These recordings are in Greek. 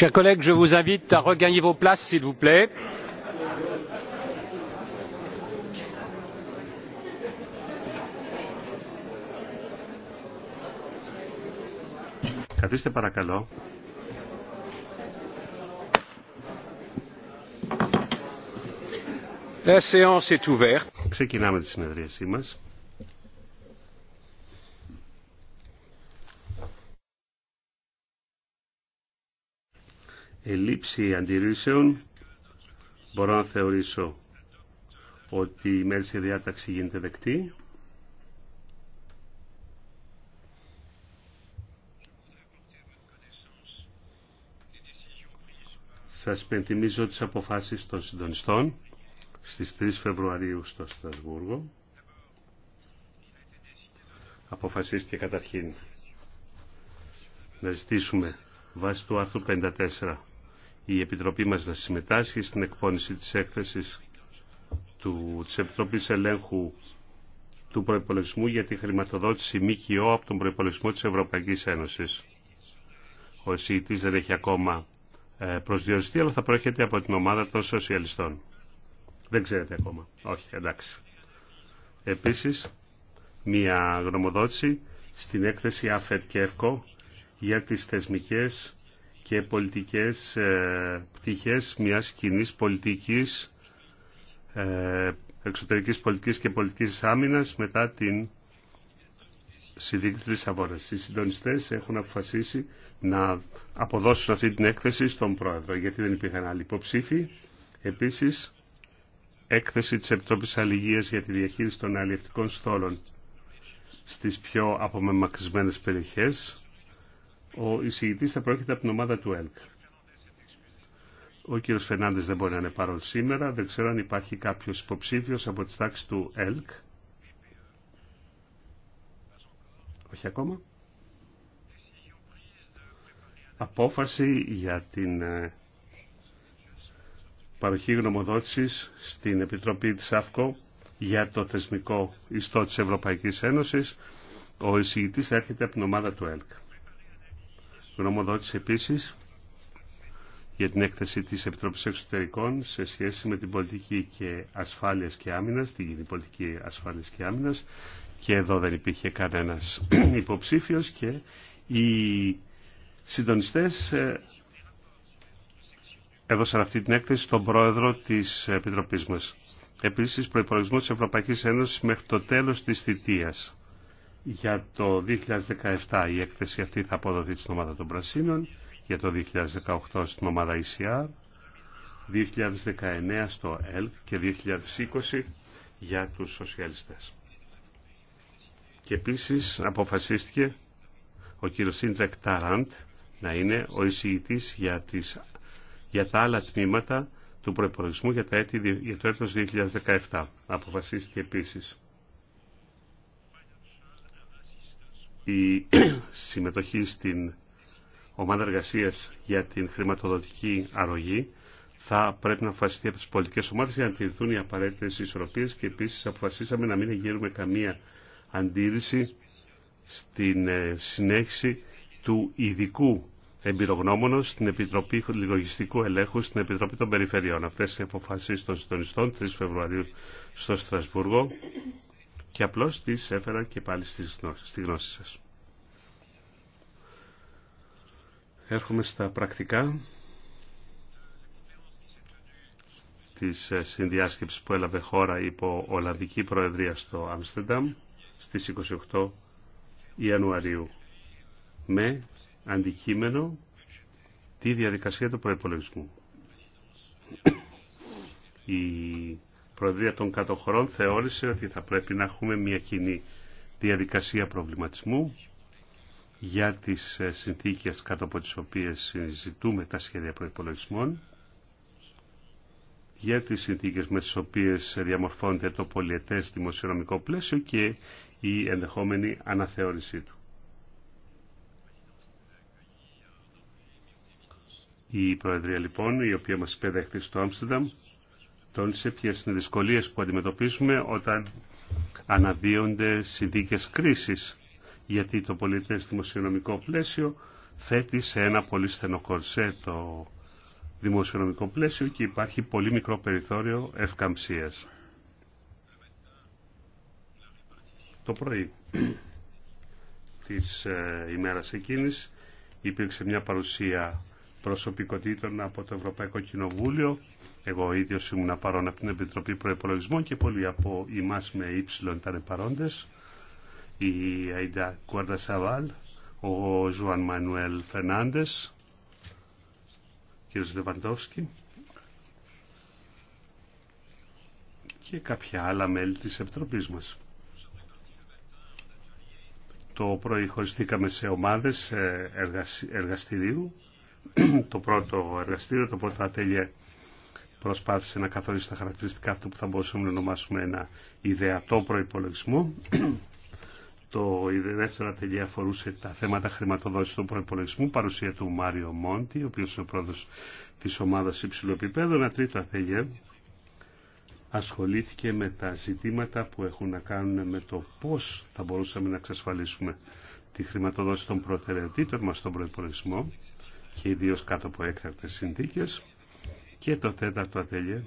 Chers collègues, je vous invite à regagner vos places, s'il vous plaît. Καθίστε παρακαλώ. La séance est ouverte. Ξεκινάμε τη συνεδρίασή μας. ελήψη αντιρρήσεων μπορώ να θεωρήσω ότι η μέρηση διάταξη γίνεται δεκτή. Σας πενθυμίζω τις αποφάσεις των συντονιστών στις 3 Φεβρουαρίου στο Στρασβούργο. Αποφασίστηκε καταρχήν να ζητήσουμε βάσει του άρθρου 54 η Επιτροπή μας θα συμμετάσχει στην εκπόνηση της έκθεσης του, της Επιτροπής Ελέγχου του Προϋπολογισμού για τη χρηματοδότηση ΜΚΟ από τον Προϋπολογισμό της Ευρωπαϊκής Ένωσης. Ο εισηγητής δεν έχει ακόμα ε, προσδιοριστεί, αλλά θα προέρχεται από την ομάδα των σοσιαλιστών. Δεν ξέρετε ακόμα. Όχι, εντάξει. Επίσης, μία γνωμοδότηση στην έκθεση ΑΦΕΤ και ΕΦΚΟ για τις θεσμικές και πολιτικές ε, πτυχές μιας κοινή πολιτικής, ε, εξωτερικής πολιτικής και πολιτικής άμυνας μετά την συνδίκη της αγοράς. Οι συντονιστές έχουν αποφασίσει να αποδώσουν αυτή την έκθεση στον Πρόεδρο, γιατί δεν υπήρχαν άλλοι υποψήφοι. Επίσης, έκθεση της Επιτρόπης αλληλεγγύη για τη διαχείριση των αλληλευτικών στόλων στις πιο απομεμακρυσμένες περιοχές ο εισηγητής θα πρόκειται από την ομάδα του ΕΛΚ. Ο κύριος Φερνάντε δεν μπορεί να είναι παρόν σήμερα. Δεν ξέρω αν υπάρχει κάποιος υποψήφιος από τις τάξεις του ΕΛΚ. Όχι ακόμα. Απόφαση για την ε, παροχή γνωμοδότησης στην Επιτροπή της ΑΦΚΟ για το θεσμικό ιστό της Ευρωπαϊκής Ένωσης. Ο εισηγητής έρχεται από την ομάδα του ΕΛΚ γνωμοδότησε επίσης για την έκθεση της Επιτροπής Εξωτερικών σε σχέση με την πολιτική και ασφάλειας και άμυνας, την κοινή πολιτική ασφάλεια και άμυνας και εδώ δεν υπήρχε κανένα υποψήφιος και οι συντονιστέ ε, έδωσαν αυτή την έκθεση στον πρόεδρο της Επιτροπής μα, επίση, προπολογισμό τη Ευρωπαϊκή Ένωση μέχρι το τέλο της θητείας για το 2017 η έκθεση αυτή θα αποδοθεί στην ομάδα των Πρασίνων, για το 2018 στην ομάδα ECR, 2019 στο ΕΛΚ και 2020 για τους σοσιαλιστές. Και επίσης αποφασίστηκε ο κύριος Σίντζακ Ταραντ να είναι ο εισηγητής για, τις, για τα άλλα τμήματα του προϋπολογισμού για, τα έτη, για το έτος 2017. Αποφασίστηκε επίσης η συμμετοχή στην ομάδα εργασία για την χρηματοδοτική αρρωγή θα πρέπει να αποφασιστεί από τι πολιτικέ ομάδε για να τηρηθούν οι απαραίτητε ισορροπίε και επίση αποφασίσαμε να μην εγείρουμε καμία αντίρρηση στην ε, συνέχιση του ειδικού εμπειρογνώμονο στην Επιτροπή Λογιστικού Ελέγχου στην Επιτροπή των Περιφερειών. Αυτέ οι αποφασίε των συντονιστών 3 Φεβρουαρίου στο Στρασβούργο και απλώς τις έφερα και πάλι στη γνώση σας. Έρχομαι στα πρακτικά της ε, συνδιάσκεψης που έλαβε χώρα υπό Ολλανδική Προεδρία στο Άμστερνταμ στις 28 Ιανουαρίου με αντικείμενο τη διαδικασία του προϋπολογισμού. Η Προεδρία των Κατοχωρών θεώρησε ότι θα πρέπει να έχουμε μια κοινή διαδικασία προβληματισμού για τις ε, συνθήκες κάτω από τις οποίες συζητούμε τα σχέδια προϋπολογισμών, για τις συνθήκες με τις οποίες διαμορφώνεται το πολιετές δημοσιονομικό πλαίσιο και η ενδεχόμενη αναθεώρησή του. Η Προεδρία λοιπόν, η οποία μας υπέδεχτη στο Άμστερνταμ, τόνισε ποιες είναι οι δυσκολίες που αντιμετωπίζουμε όταν αναδύονται συνθήκες κρίσης, γιατί το πολίτε δημοσιονομικό πλαίσιο θέτει σε ένα πολύ στενό το δημοσιονομικό πλαίσιο και υπάρχει πολύ μικρό περιθώριο ευκαμψίας. Το πρωί της ε, ημέρας εκείνης υπήρξε μια παρουσία προσωπικότητων από το Ευρωπαϊκό Κοινοβούλιο. Εγώ ίδιο ήμουν παρόν από την Επιτροπή Προπολογισμών και πολλοί από εμά με ύψιλον ήταν παρόντε. Η Αϊντα Κουάρντα Σαβάλ, ο Ζουαν Μανουέλ Φερνάντε, κ. Λεβαντόφσκι και κάποια άλλα μέλη της Επιτροπής μας. Το πρωί χωριστήκαμε σε ομάδες εργαστηρίου το πρώτο εργαστήριο, το πρώτο ατέλειε προσπάθησε να καθορίσει τα χαρακτηριστικά αυτού που θα μπορούσαμε να ονομάσουμε ένα ιδεατό προϋπολογισμό. το δεύτερο ατελείο αφορούσε τα θέματα χρηματοδότηση του προϋπολογισμού, παρουσία του Μάριο Μόντι, ο οποίος είναι ο πρόεδρος τη ομάδα υψηλού επίπεδου. Ένα τρίτο ασχολήθηκε με τα ζητήματα που έχουν να κάνουν με το πώς θα μπορούσαμε να εξασφαλίσουμε τη χρηματοδότηση των προτεραιοτήτων μας στον προϋπολογισμό και ιδίω κάτω από έκτακτες συνθήκες. Και το τέταρτο ατέλειο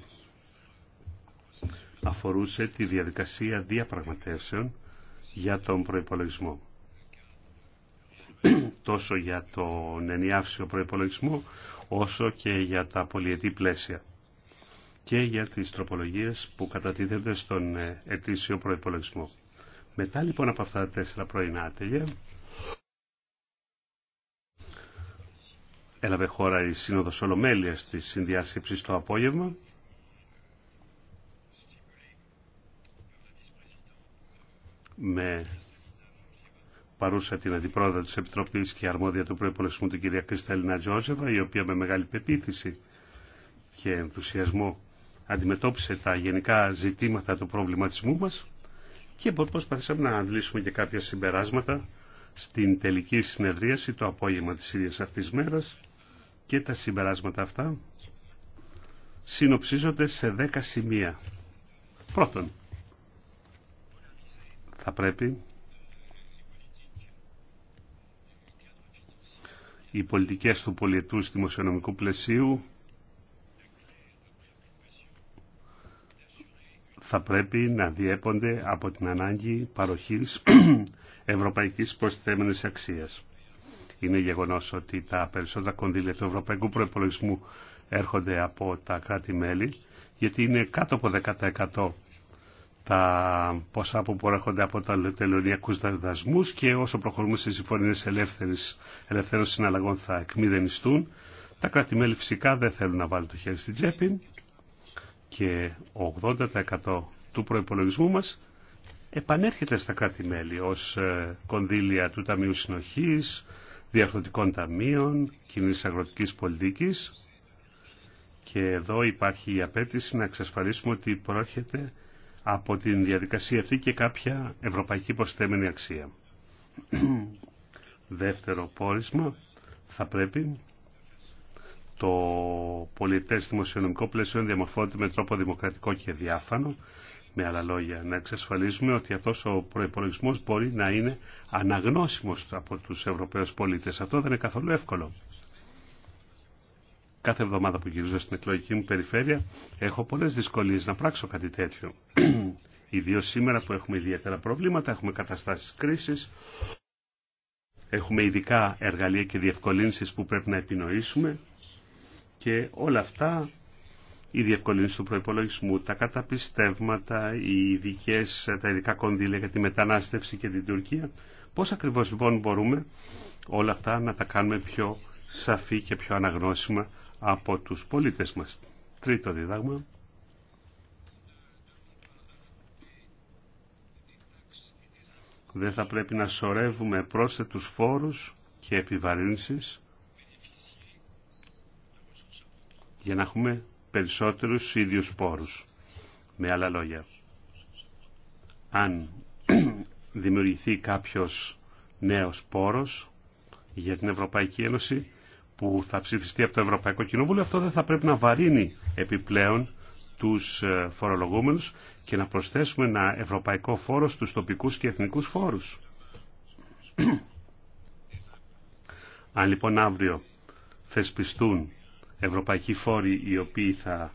αφορούσε τη διαδικασία διαπραγματεύσεων για τον προϋπολογισμό. Τόσο για τον ενιάυσιο προϋπολογισμό, όσο και για τα πολιετή πλαίσια και για τις τροπολογίες που κατατίθενται στον ε, ετήσιο προϋπολογισμό. Μετά λοιπόν από αυτά τα τέσσερα πρωινά έλαβε χώρα η Σύνοδος Ολομέλειας της συνδιάσκεψης το απόγευμα. Με παρούσα την αντιπρόεδρο της Επιτροπής και αρμόδια του προϋπολογισμού την κυρία Κρυσταλίνα Τζόζεβα, η οποία με μεγάλη πεποίθηση και ενθουσιασμό αντιμετώπισε τα γενικά ζητήματα του προβληματισμού μας και προσπαθήσαμε να αντλήσουμε και κάποια συμπεράσματα στην τελική συνεδρίαση το απόγευμα της ίδιας αυτής μέρας και τα συμπεράσματα αυτά συνοψίζονται σε δέκα σημεία. Πρώτον, θα πρέπει οι πολιτικές του πολιετού δημοσιονομικού πλαισίου θα πρέπει να διέπονται από την ανάγκη παροχής ευρωπαϊκής προσθέμενης αξίας. Είναι γεγονό ότι τα περισσότερα κονδύλια του ευρωπαϊκού προπολογισμού έρχονται από τα κράτη-μέλη, γιατί είναι κάτω από 10% τα ποσά που προέρχονται από τα τελωνιακού δασμούς και όσο προχωρούμε σε συμφωνίε ελεύθερων συναλλαγών θα εκμηδενιστούν. Τα κράτη-μέλη φυσικά δεν θέλουν να βάλουν το χέρι στην τσέπη και 80% του προπολογισμού μα επανέρχεται στα κράτη-μέλη ως ε, κονδύλια του Ταμείου Συνοχής, διαρθρωτικών ταμείων, κοινή αγροτική πολιτικής και εδώ υπάρχει η απέτηση να εξασφαλίσουμε ότι πρόρχεται από την διαδικασία αυτή και κάποια ευρωπαϊκή προσθέμενη αξία. Δεύτερο πόρισμα θα πρέπει το πολιτές δημοσιονομικό πλαίσιο να διαμορφώνεται με τρόπο δημοκρατικό και διάφανο. Με άλλα λόγια, να εξασφαλίσουμε ότι αυτός ο προϋπολογισμός μπορεί να είναι αναγνώσιμος από τους Ευρωπαίους πολίτες. Αυτό δεν είναι καθόλου εύκολο. Κάθε εβδομάδα που γυρίζω στην εκλογική μου περιφέρεια έχω πολλές δυσκολίες να πράξω κάτι τέτοιο. Ιδίω σήμερα που έχουμε ιδιαίτερα προβλήματα, έχουμε καταστάσεις κρίσης, έχουμε ειδικά εργαλεία και διευκολύνσεις που πρέπει να επινοήσουμε και όλα αυτά η διευκολύνση του προπολογισμού, τα καταπιστεύματα, οι ειδικές, τα ειδικά κονδύλια για τη μετανάστευση και την Τουρκία. Πώς ακριβώς λοιπόν μπορούμε όλα αυτά να τα κάνουμε πιο σαφή και πιο αναγνώσιμα από τους πολίτες μας. Τρίτο διδάγμα. Δεν θα πρέπει να σωρεύουμε πρόσθετους φόρους και επιβαρύνσεις για να έχουμε περισσότερους ίδιους πόρους. Με άλλα λόγια, αν δημιουργηθεί κάποιος νέος πόρος για την Ευρωπαϊκή Ένωση που θα ψηφιστεί από το Ευρωπαϊκό Κοινοβούλιο, αυτό δεν θα πρέπει να βαρύνει επιπλέον τους ε, φορολογούμενους και να προσθέσουμε ένα ευρωπαϊκό φόρο στους τοπικούς και εθνικούς φόρους. Αν λοιπόν αύριο θεσπιστούν ευρωπαϊκοί φόροι οι οποίοι θα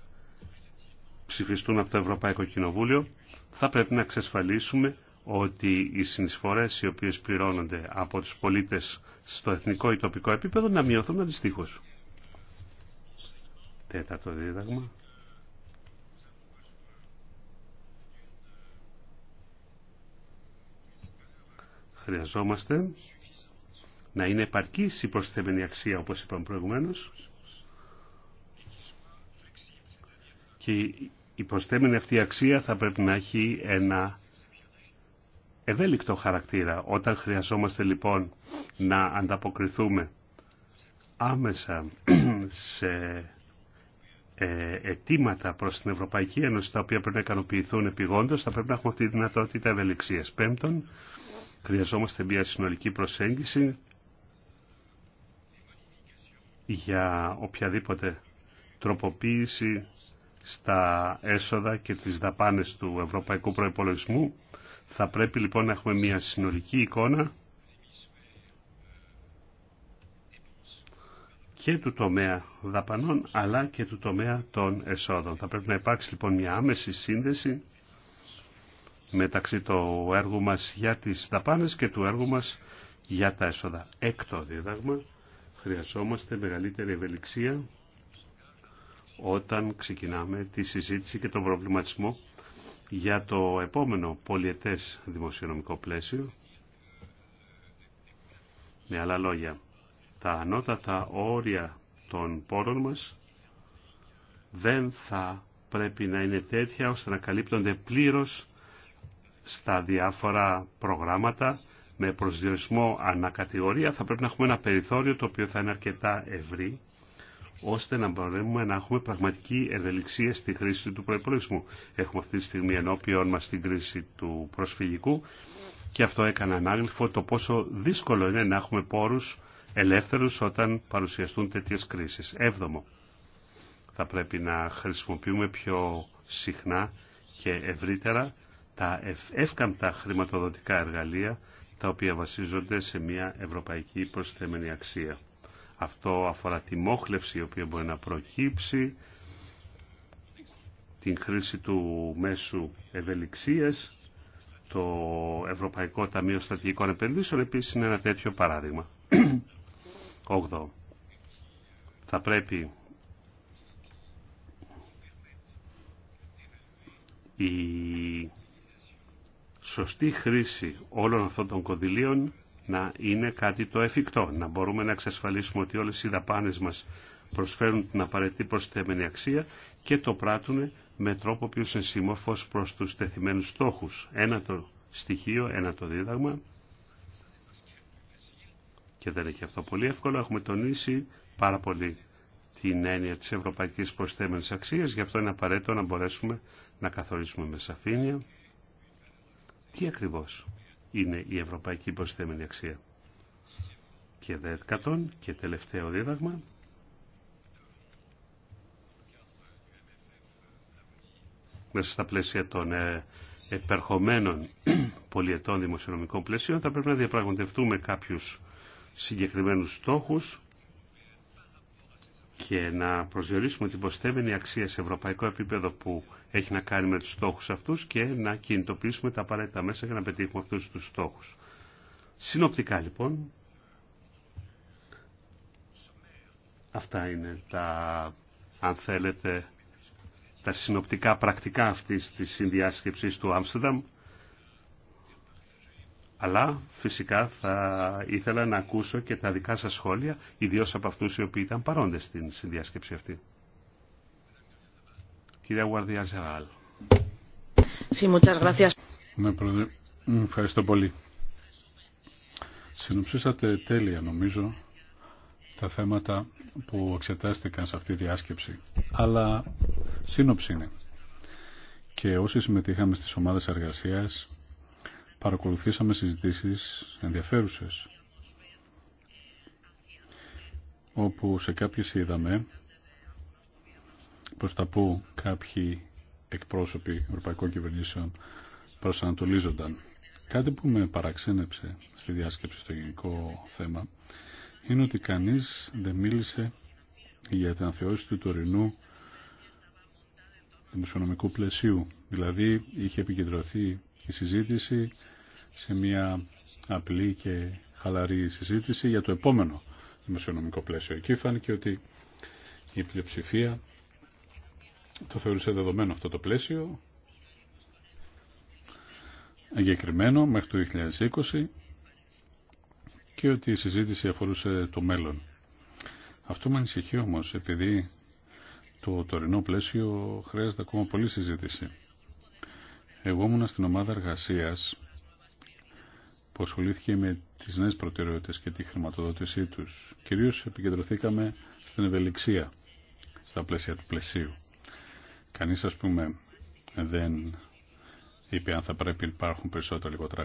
ψηφιστούν από το Ευρωπαϊκό Κοινοβούλιο, θα πρέπει να εξασφαλίσουμε ότι οι συνεισφορές οι οποίες πληρώνονται από τους πολίτες στο εθνικό ή τοπικό επίπεδο να μειωθούν αντιστοίχω. Τέταρτο δίδαγμα. Χρειαζόμαστε να είναι επαρκής η προσθεμένη αξία όπως είπαμε προηγουμένως και η προσθέμενη αυτή αξία θα πρέπει να έχει ένα ευέλικτο χαρακτήρα. Όταν χρειαζόμαστε λοιπόν να ανταποκριθούμε άμεσα σε ε, αιτήματα προς την Ευρωπαϊκή Ένωση τα οποία πρέπει να ικανοποιηθούν επιγόντως θα πρέπει να έχουμε αυτή τη δυνατότητα ευελιξίας. Πέμπτον, χρειαζόμαστε μια συνολική προσέγγιση για οποιαδήποτε τροποποίηση στα έσοδα και τις δαπάνες του ευρωπαϊκού προϋπολογισμού. Θα πρέπει λοιπόν να έχουμε μια συνολική εικόνα και του τομέα δαπανών αλλά και του τομέα των εσόδων. Θα πρέπει να υπάρξει λοιπόν μια άμεση σύνδεση μεταξύ του έργου μας για τις δαπάνες και του έργου μας για τα έσοδα. Έκτο δίδαγμα, χρειαζόμαστε μεγαλύτερη ευελιξία όταν ξεκινάμε τη συζήτηση και τον προβληματισμό για το επόμενο πολιετές δημοσιονομικό πλαίσιο. Με άλλα λόγια, τα ανώτατα όρια των πόρων μας δεν θα πρέπει να είναι τέτοια ώστε να καλύπτονται πλήρως στα διάφορα προγράμματα με προσδιορισμό ανακατηγορία θα πρέπει να έχουμε ένα περιθώριο το οποίο θα είναι αρκετά ευρύ ώστε να μπορούμε να έχουμε πραγματική ευελιξία στη χρήση του προπολογισμού. Έχουμε αυτή τη στιγμή ενώπιον μας την κρίση του προσφυγικού και αυτό έκανε ανάγλυφο το πόσο δύσκολο είναι να έχουμε πόρους ελεύθερους όταν παρουσιαστούν τέτοιες κρίσεις. Έβδομο, θα πρέπει να χρησιμοποιούμε πιο συχνά και ευρύτερα τα εύκαμπτα χρηματοδοτικά εργαλεία τα οποία βασίζονται σε μια ευρωπαϊκή προσθέμενη αξία. Αυτό αφορά τη μόχλευση η οποία μπορεί να προκύψει, την χρήση του μέσου ευελιξίας, το Ευρωπαϊκό Ταμείο Στρατηγικών Επενδύσεων επίσης είναι ένα τέτοιο παράδειγμα. 8. Θα πρέπει η σωστή χρήση όλων αυτών των κονδυλίων να είναι κάτι το εφικτό, να μπορούμε να εξασφαλίσουμε ότι όλες οι δαπάνες μας προσφέρουν την απαραίτητη προσθέμενη αξία και το πράττουν με τρόπο πιο είναι προς τους τεθειμένους στόχους. Ένα το στοιχείο, ένα το δίδαγμα και δεν έχει αυτό πολύ εύκολο. Έχουμε τονίσει πάρα πολύ την έννοια της ευρωπαϊκής προσθέμενης αξίας, γι' αυτό είναι απαραίτητο να μπορέσουμε να καθορίσουμε με σαφήνεια τι ακριβώς είναι η ευρωπαϊκή υποστημένη αξία. Και δέκατον και τελευταίο δίδαγμα, μέσα στα πλαίσια των ε, επερχομένων πολιετών δημοσιονομικών πλαίσιων θα πρέπει να διαπραγματευτούμε κάποιους συγκεκριμένους στόχους και να προσδιορίσουμε την υποστημένη αξία σε ευρωπαϊκό επίπεδο που έχει να κάνει με τους στόχους αυτούς και να κινητοποιήσουμε τα απαραίτητα μέσα για να πετύχουμε αυτούς τους στόχους. Συνοπτικά λοιπόν, αυτά είναι τα, αν θέλετε, τα συνοπτικά πρακτικά αυτής της συνδιάσκεψης του Άμστερνταμ. Αλλά φυσικά θα ήθελα να ακούσω και τα δικά σας σχόλια, ιδίως από αυτούς οι οποίοι ήταν παρόντες στην συνδιάσκεψη αυτή. Κυρία Γουαρδιά Ζεράλ. Ναι, ευχαριστώ πολύ. Συνοψίσατε τέλεια νομίζω τα θέματα που εξετάστηκαν σε αυτή τη διάσκεψη. Αλλά σύνοψη είναι. Και όσοι συμμετείχαμε στις ομάδες εργασίας παρακολουθήσαμε συζητήσεις ενδιαφέρουσες όπου σε κάποιες είδαμε προς τα που κάποιοι εκπρόσωποι ευρωπαϊκών κυβερνήσεων προσανατολίζονταν. Κάτι που με παραξένεψε στη διάσκεψη στο γενικό θέμα είναι ότι κανείς δεν μίλησε για την ανθεώρηση του τωρινού δημοσιονομικού πλαισίου. Δηλαδή είχε επικεντρωθεί η συζήτηση σε μια απλή και χαλαρή συζήτηση για το επόμενο δημοσιονομικό πλαίσιο. Εκεί φάνηκε ότι η πλειοψηφία το θεωρούσε δεδομένο αυτό το πλαίσιο, εγκεκριμένο μέχρι το 2020 και ότι η συζήτηση αφορούσε το μέλλον. Αυτό με ανησυχεί όμως, επειδή το τωρινό πλαίσιο χρειάζεται ακόμα πολλή συζήτηση. Εγώ ήμουνα στην ομάδα εργασίας που ασχολήθηκε με τις νέες προτεραιότητες και τη χρηματοδότησή τους. Κυρίως επικεντρωθήκαμε στην ευελιξία στα πλαίσια του πλαισίου. Κανείς ας πούμε δεν είπε αν θα πρέπει να υπάρχουν περισσότερα λιγότερα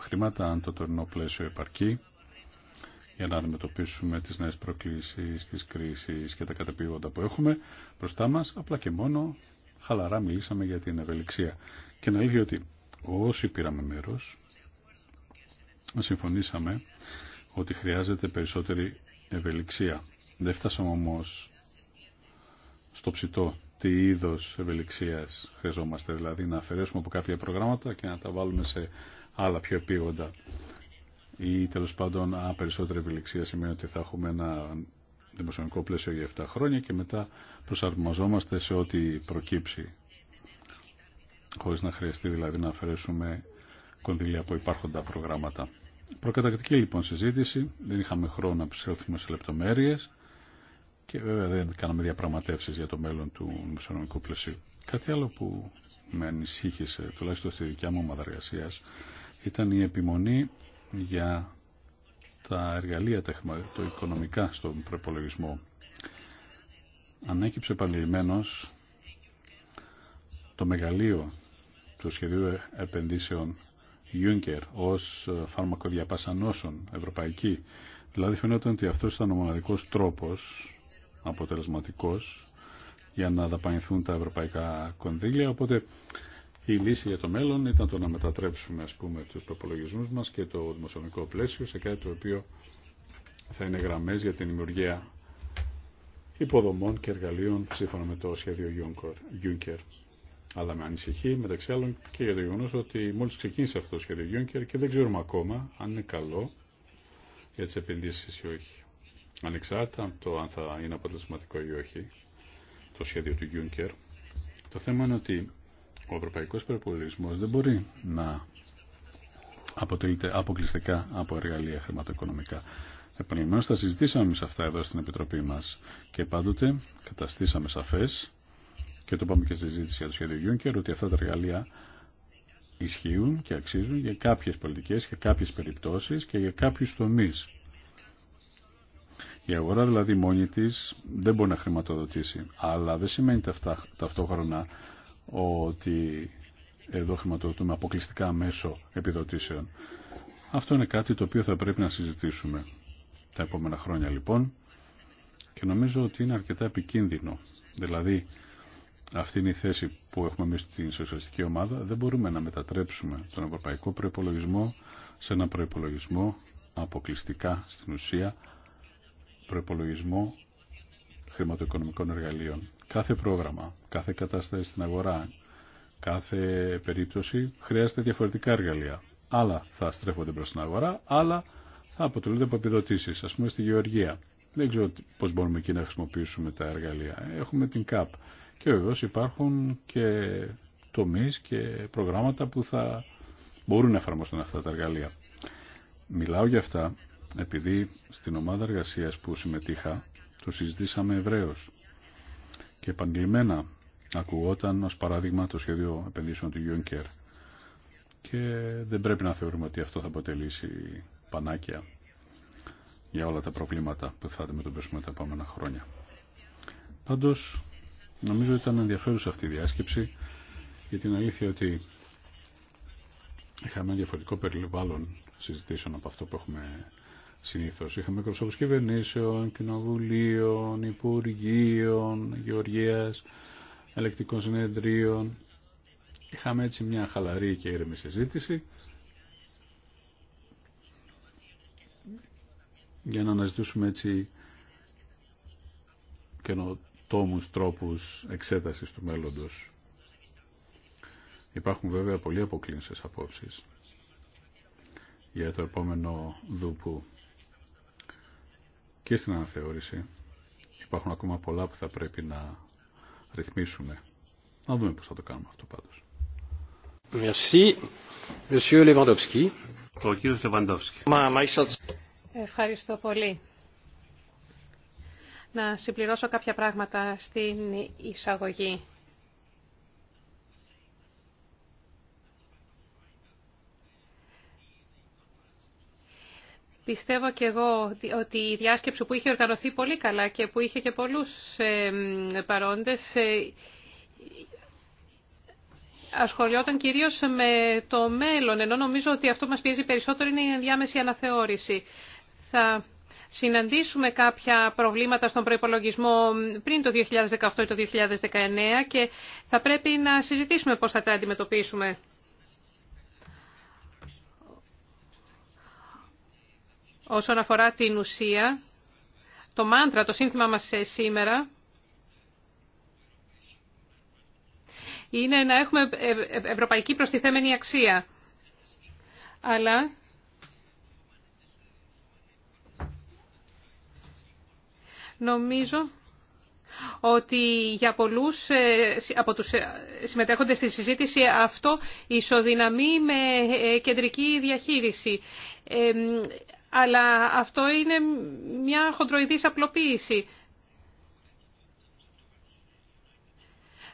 χρήματα, αν το τωρινό πλαίσιο επαρκεί για να αντιμετωπίσουμε τις νέες προκλήσεις, τις κρίσεις και τα καταπηγόντα που έχουμε μπροστά μας, απλά και μόνο χαλαρά μιλήσαμε για την ευελιξία. Και να λέγει ότι όσοι πήραμε μέρος, συμφωνήσαμε ότι χρειάζεται περισσότερη ευελιξία. Δεν φτάσαμε όμως στο ψητό τι είδος ευελιξίας χρειαζόμαστε, δηλαδή να αφαιρέσουμε από κάποια προγράμματα και να τα βάλουμε σε άλλα πιο επίγοντα. Ή τέλο πάντων, αν περισσότερη ευελιξία σημαίνει ότι θα έχουμε ένα δημοσιονομικό πλαίσιο για 7 χρόνια και μετά προσαρμοζόμαστε σε ό,τι προκύψει. Χωρίς να χρειαστεί δηλαδή να αφαιρέσουμε κονδύλια από υπάρχοντα προγράμματα. Προκατακτική λοιπόν συζήτηση, δεν είχαμε χρόνο να ψηφίσουμε σε λεπτομέρειες και βέβαια δεν κάναμε διαπραγματεύσεις για το μέλλον του νομισονομικού πλαισίου. Κάτι άλλο που με ανησύχησε, τουλάχιστον στη δικιά μου ομάδα εργασία, ήταν η επιμονή για τα εργαλεία, το οικονομικά στον προπολογισμό. Ανέκυψε επανειλημμένο το μεγαλείο του σχεδίου επενδύσεων Juncker ως φάρμακο ευρωπαϊκή. Δηλαδή φαινόταν ότι αυτός ήταν ο μοναδικός τρόπος αποτελεσματικός για να δαπανηθούν τα ευρωπαϊκά κονδύλια, οπότε η λύση για το μέλλον ήταν το να μετατρέψουμε ας πούμε τους προπολογισμούς μας και το δημοσιονομικό πλαίσιο σε κάτι το οποίο θα είναι γραμμές για την δημιουργία υποδομών και εργαλείων σύμφωνα με το σχέδιο Juncker. Αλλά με ανησυχεί μεταξύ άλλων και για το γεγονό ότι μόλι ξεκίνησε αυτό το σχέδιο Juncker και δεν ξέρουμε ακόμα αν είναι καλό για τι επενδύσει ή όχι ανεξάρτητα από το αν θα είναι αποτελεσματικό ή όχι το σχέδιο του Γιούνκερ. το θέμα είναι ότι ο Ευρωπαϊκό προπολογισμό δεν μπορεί να αποτελείται αποκλειστικά από εργαλεία χρηματοοικονομικά. Επανειλημμένω, τα συζητήσαμε σε αυτά εδώ στην Επιτροπή μα και πάντοτε καταστήσαμε σαφέ και το πάμε και στη συζήτηση για το σχέδιο Γιούνκερ ότι αυτά τα εργαλεία ισχύουν και αξίζουν για κάποιε πολιτικέ για κάποιε περιπτώσει και για κάποιου τομεί. Η αγορά δηλαδή μόνη τη δεν μπορεί να χρηματοδοτήσει, αλλά δεν σημαίνει ταυτόχρονα ότι εδώ χρηματοδοτούμε αποκλειστικά μέσω επιδοτήσεων. Αυτό είναι κάτι το οποίο θα πρέπει να συζητήσουμε τα επόμενα χρόνια λοιπόν και νομίζω ότι είναι αρκετά επικίνδυνο. Δηλαδή αυτή είναι η θέση που έχουμε εμείς στην σοσιαλιστική ομάδα. Δεν μπορούμε να μετατρέψουμε τον ευρωπαϊκό προπολογισμό σε ένα προπολογισμό αποκλειστικά στην ουσία προπολογισμό χρηματοοικονομικών εργαλείων. Κάθε πρόγραμμα, κάθε κατάσταση στην αγορά, κάθε περίπτωση χρειάζεται διαφορετικά εργαλεία. Άλλα θα στρέφονται προ την αγορά, άλλα θα αποτελούνται από επιδοτήσεις, ας πούμε στη Γεωργία. Δεν ξέρω πώ μπορούμε εκεί να χρησιμοποιήσουμε τα εργαλεία. Έχουμε την ΚΑΠ και βεβαίω υπάρχουν και τομεί και προγράμματα που θα μπορούν να εφαρμοστούν αυτά τα εργαλεία. Μιλάω για αυτά επειδή στην ομάδα εργασίας που συμμετείχα το συζητήσαμε ευρέως και επαγγελμένα ακουγόταν ως παράδειγμα το σχέδιο επενδύσεων του Juncker και δεν πρέπει να θεωρούμε ότι αυτό θα αποτελήσει πανάκια για όλα τα προβλήματα που θα αντιμετωπίσουμε τα επόμενα χρόνια. Πάντως, νομίζω ήταν ενδιαφέρουσα αυτή η διάσκεψη για την αλήθεια ότι είχαμε ένα διαφορετικό περιβάλλον συζητήσεων από αυτό που έχουμε Συνήθω. Είχαμε εκπροσώπου κυβερνήσεων, κοινοβουλίων, υπουργείων, γεωργία, ελεκτικών συνεδρίων. Είχαμε έτσι μια χαλαρή και ήρεμη συζήτηση για να αναζητούσουμε έτσι καινοτόμους τρόπους εξέτασης του μέλλοντος. Υπάρχουν βέβαια πολλοί αποκλίνουσες απόψεις για το επόμενο δούπου και στην αναθεώρηση υπάρχουν ακόμα πολλά που θα πρέπει να ρυθμίσουμε. Να δούμε πώς θα το κάνουμε αυτό πάντως. Ευχαριστώ πολύ. Να συμπληρώσω κάποια πράγματα στην εισαγωγή. Πιστεύω και εγώ ότι η διάσκεψη που είχε οργανωθεί πολύ καλά και που είχε και πολλούς ε, παρόντες ε, ασχολιόταν κυρίως με το μέλλον, ενώ νομίζω ότι αυτό μας πιέζει περισσότερο είναι η ενδιάμεση αναθεώρηση. Θα συναντήσουμε κάποια προβλήματα στον προϋπολογισμό πριν το 2018 ή το 2019 και θα πρέπει να συζητήσουμε πώς θα τα αντιμετωπίσουμε. Όσον αφορά την ουσία, το μάντρα, το σύνθημα μας σήμερα, είναι να έχουμε ευρωπαϊκή προστιθέμενη αξία. Αλλά νομίζω ότι για πολλούς ε, από τους ε, συμμετέχοντες στη συζήτηση αυτό ισοδυναμεί με ε, κεντρική διαχείριση αλλά αυτό είναι μια χοντροειδής απλοποίηση.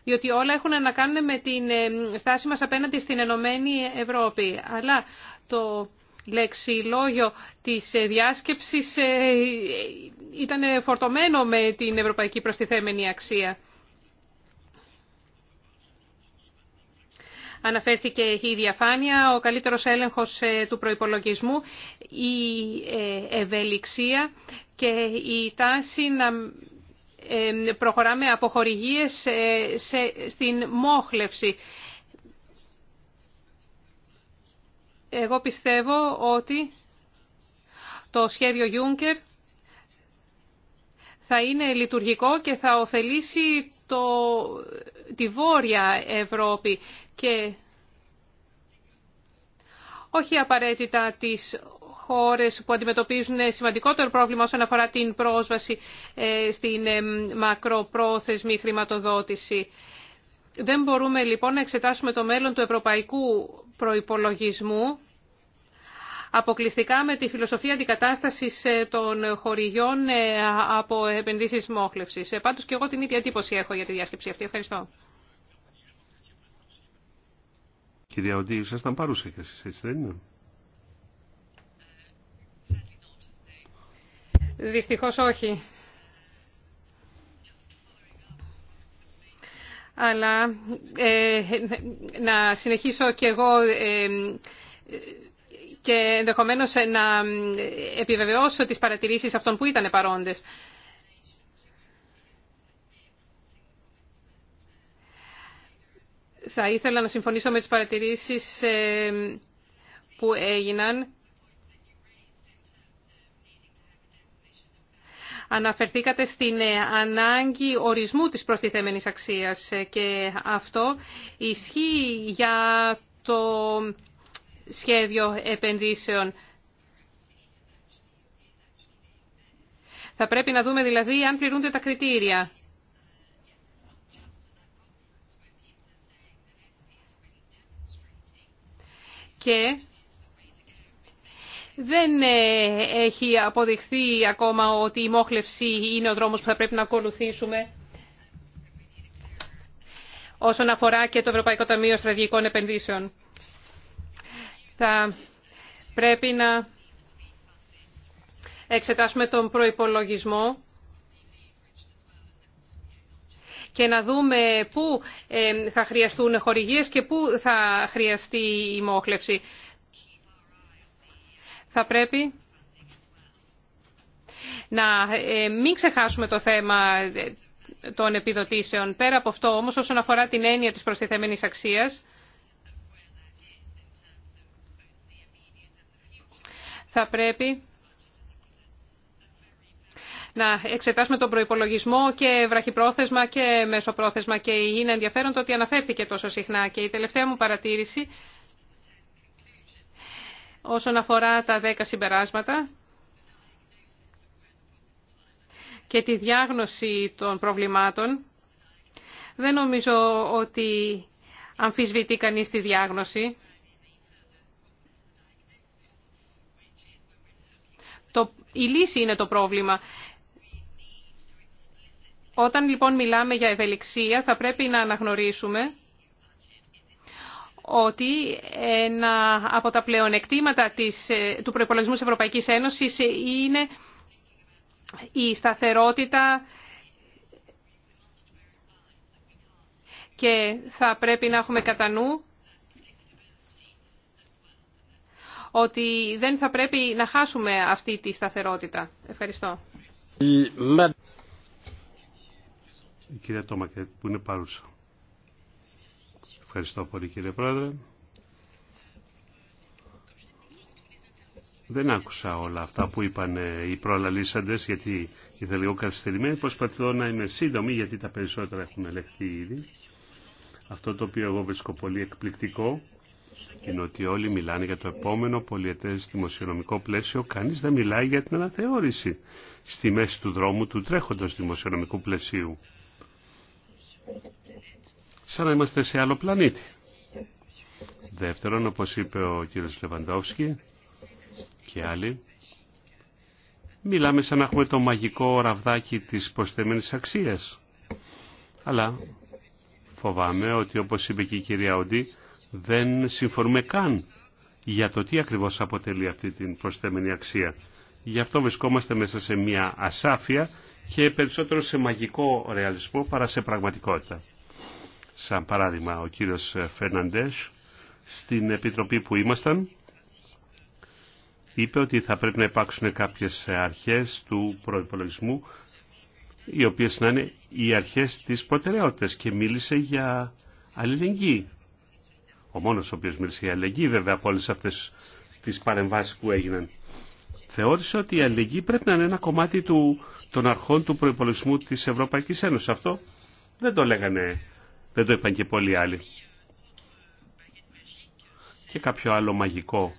διότι όλα έχουν να κάνουν με την ε, στάση μας απέναντι στην Ενωμένη Ευρώπη. Αλλά το λεξιλόγιο της ε, διάσκεψης ε, ήταν φορτωμένο με την ευρωπαϊκή προστιθέμενη αξία. αναφέρθηκε η διαφάνεια, ο καλύτερος έλεγχος ε, του προϋπολογισμού, η ε, ευελιξία και η τάση να ε, προχωράμε από στην μόχλευση. Εγώ πιστεύω ότι το σχέδιο Juncker θα είναι λειτουργικό και θα ωφελήσει το, τη Βόρεια Ευρώπη και όχι απαραίτητα τις χώρες που αντιμετωπίζουν σημαντικότερο πρόβλημα όσον αφορά την πρόσβαση ε, στην ε, μακροπρόθεσμη χρηματοδότηση. Δεν μπορούμε λοιπόν να εξετάσουμε το μέλλον του ευρωπαϊκού προϋπολογισμού αποκλειστικά με τη φιλοσοφία αντικατάσταση ε, των χορηγιών ε, από επενδύσει μόχλευσης. Ε, Πάντω και εγώ την ίδια εντύπωση έχω για τη διάσκεψη αυτή. Ευχαριστώ. Κυρία Οντή, ήσασταν παρούσα και εσείς, έτσι δεν είναι. Δυστυχώς όχι. Αλλά να συνεχίσω κι εγώ και ενδεχομένως να επιβεβαιώσω τι παρατηρήσει αυτών που ήταν παρόντε. Θα ήθελα να συμφωνήσω με τις παρατηρήσεις ε, που έγιναν. Αναφερθήκατε στην ε, ανάγκη ορισμού της προστιθέμενης αξίας ε, και αυτό ισχύει για το σχέδιο επενδύσεων. Θα πρέπει να δούμε δηλαδή αν πληρούνται τα κριτήρια. Και δεν ε, έχει αποδειχθεί ακόμα ότι η μόχλευση είναι ο δρόμος που θα πρέπει να ακολουθήσουμε όσον αφορά και το Ευρωπαϊκό Ταμείο Στρατηγικών Επενδύσεων θα πρέπει να εξετάσουμε τον προϋπολογισμό και να δούμε πού ε, θα χρειαστούν χορηγίες και πού θα χρειαστεί η μόχλευση. Θα πρέπει να ε, μην ξεχάσουμε το θέμα ε, των επιδοτήσεων. Πέρα από αυτό όμως όσον αφορά την έννοια της προστιθέμενης αξίας, θα πρέπει να εξετάσουμε τον προϋπολογισμό και βραχυπρόθεσμα και μεσοπρόθεσμα και είναι ενδιαφέρον το ότι αναφέρθηκε τόσο συχνά. Και η τελευταία μου παρατήρηση όσον αφορά τα δέκα συμπεράσματα και τη διάγνωση των προβλημάτων. Δεν νομίζω ότι αμφισβητεί κανείς τη διάγνωση. το, η λύση είναι το πρόβλημα. Όταν λοιπόν μιλάμε για ευελιξία θα πρέπει να αναγνωρίσουμε ότι ένα από τα πλεονεκτήματα της, ε, του προϋπολογισμού της Ευρωπαϊκής Ένωσης είναι η σταθερότητα και θα πρέπει να έχουμε κατά νου ότι δεν θα πρέπει να χάσουμε αυτή τη σταθερότητα. Ευχαριστώ. Η κυρία Τόμακετ που είναι παρούσα. Ευχαριστώ πολύ κύριε Πρόεδρε. Δεν άκουσα όλα αυτά που είπαν ε, οι προαλαλήσαντες γιατί ήθελα λίγο καθυστερημένη. Προσπαθώ να είμαι σύντομη γιατί τα περισσότερα έχουν ελεγχθεί ήδη. Αυτό το οποίο εγώ βρίσκω πολύ εκπληκτικό είναι ότι όλοι μιλάνε για το επόμενο πολιετές δημοσιονομικό πλαίσιο, κανείς δεν μιλάει για την αναθεώρηση στη μέση του δρόμου του τρέχοντος δημοσιονομικού πλαισίου. Σαν να είμαστε σε άλλο πλανήτη. Δεύτερον, όπως είπε ο κύριος Λεβαντόφσκι και άλλοι, μιλάμε σαν να έχουμε το μαγικό ραβδάκι της προσθεμένης αξίας. Αλλά φοβάμαι ότι όπως είπε και η κυρία Οντή, δεν συμφωνούμε καν για το τι ακριβώς αποτελεί αυτή την προσθέμενη αξία. Γι' αυτό βρισκόμαστε μέσα σε μια ασάφεια και περισσότερο σε μαγικό ρεαλισμό παρά σε πραγματικότητα. Σαν παράδειγμα, ο κύριος Φερναντές στην επιτροπή που ήμασταν είπε ότι θα πρέπει να υπάρξουν κάποιες αρχές του προϋπολογισμού οι οποίες να είναι οι αρχές της προτεραιότητας και μίλησε για αλληλεγγύη ο μόνος ο οποίος μίλησε για αλληλεγγύη βέβαια από όλες αυτές τις παρεμβάσεις που έγιναν. Θεώρησε ότι η αλληλεγγύη πρέπει να είναι ένα κομμάτι του, των αρχών του προϋπολογισμού της Ευρωπαϊκής Ένωσης. Αυτό δεν το λέγανε, δεν το είπαν και πολλοί άλλοι. Και κάποιο άλλο μαγικό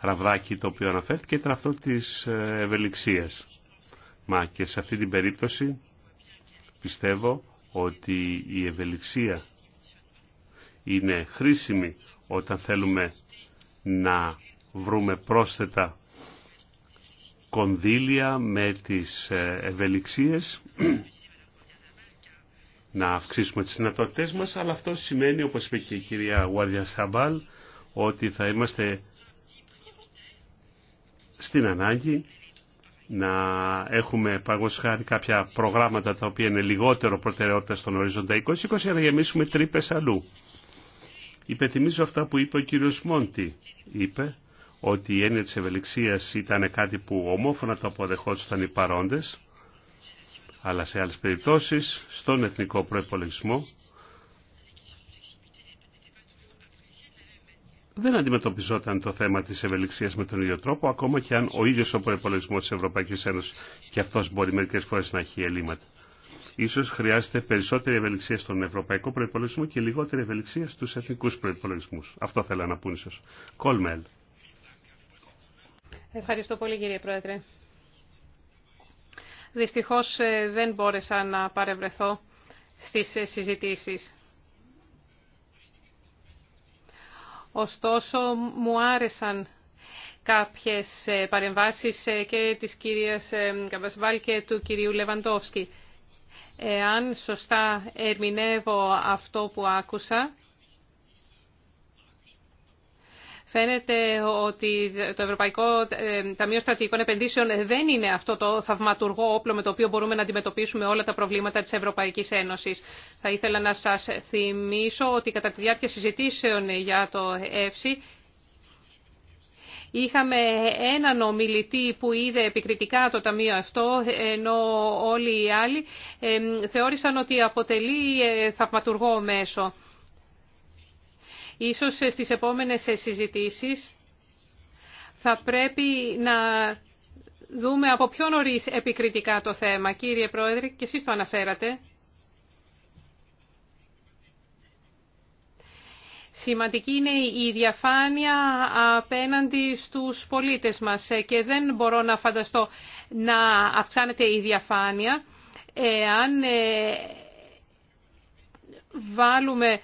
ραβδάκι το οποίο αναφέρθηκε ήταν αυτό της ε, ευελιξίας. Μα και σε αυτή την περίπτωση πιστεύω ότι η ευελιξία είναι χρήσιμη όταν θέλουμε να βρούμε πρόσθετα κονδύλια με τις ε, ευελιξίες, να αυξήσουμε τις δυνατότητές μας, αλλά αυτό σημαίνει, όπως είπε και η κυρία Γουάδια Σαμπάλ, ότι θα είμαστε στην ανάγκη να έχουμε παγκόσμια κάποια προγράμματα τα οποία είναι λιγότερο προτεραιότητα στον ορίζοντα 2020 για να γεμίσουμε τρύπες αλλού. Υπενθυμίζω αυτά που είπε ο κύριος Μόντι. Είπε ότι η έννοια της ευελιξίας ήταν κάτι που ομόφωνα το αποδεχόντουσαν οι παρόντες, αλλά σε άλλες περιπτώσεις, στον εθνικό προϋπολογισμό, δεν αντιμετωπιζόταν το θέμα της ευελιξίας με τον ίδιο τρόπο, ακόμα και αν ο ίδιος ο προϋπολογισμός της Ευρωπαϊκής Ένωσης και αυτός μπορεί μερικές φορές να έχει ελλείμματα. Ίσως χρειάζεται περισσότερη ευελιξία στον ευρωπαϊκό προϋπολογισμό και λιγότερη ευελιξία στους εθνικούς προϋπολογισμούς. Αυτό θέλω να πούν ίσως. Κόλμελ. Ευχαριστώ πολύ κύριε Πρόεδρε. Δυστυχώς ε, δεν μπόρεσα να παρευρεθώ στις ε, συζητήσεις. Ωστόσο, μου άρεσαν κάποιες ε, παρεμβάσεις και της κυρίας Καβασβάλ και του κυρίου Λεβαντόφσκη εάν σωστά ερμηνεύω αυτό που άκουσα, Φαίνεται ότι το Ευρωπαϊκό ε, Ταμείο Στρατηγικών Επενδύσεων δεν είναι αυτό το θαυματουργό όπλο με το οποίο μπορούμε να αντιμετωπίσουμε όλα τα προβλήματα της Ευρωπαϊκής Ένωσης. Θα ήθελα να σας θυμίσω ότι κατά τη διάρκεια συζητήσεων για το ΕΦΣΥ Είχαμε έναν ομιλητή που είδε επικριτικά το Ταμείο αυτό, ενώ όλοι οι άλλοι θεώρησαν ότι αποτελεί ε, θαυματουργό μέσο. Ίσως ε, στις επόμενες ε, συζητήσεις θα πρέπει να δούμε από πιο νωρίς επικριτικά το θέμα. Κύριε Πρόεδρε, και εσείς το αναφέρατε. Σημαντική είναι η διαφάνεια απέναντι στους πολίτες μας ε, και δεν μπορώ να φανταστώ να αυξάνεται η διαφάνεια εάν ε, βάλουμε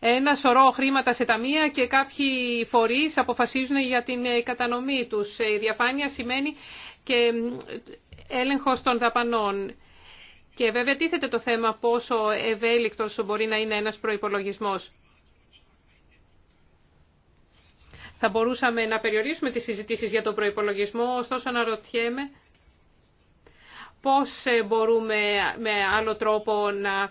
ένα σωρό χρήματα σε ταμεία και κάποιοι φορείς αποφασίζουν για την ε, κατανομή τους. Η διαφάνεια σημαίνει και έλεγχος των δαπανών. Και βέβαια τίθεται το θέμα πόσο ευέλικτος μπορεί να είναι ένας προϋπολογισμός. Θα μπορούσαμε να περιορίσουμε τις συζητήσεις για τον προϋπολογισμό, ωστόσο να ρωτιέμαι πώς μπορούμε με άλλο τρόπο να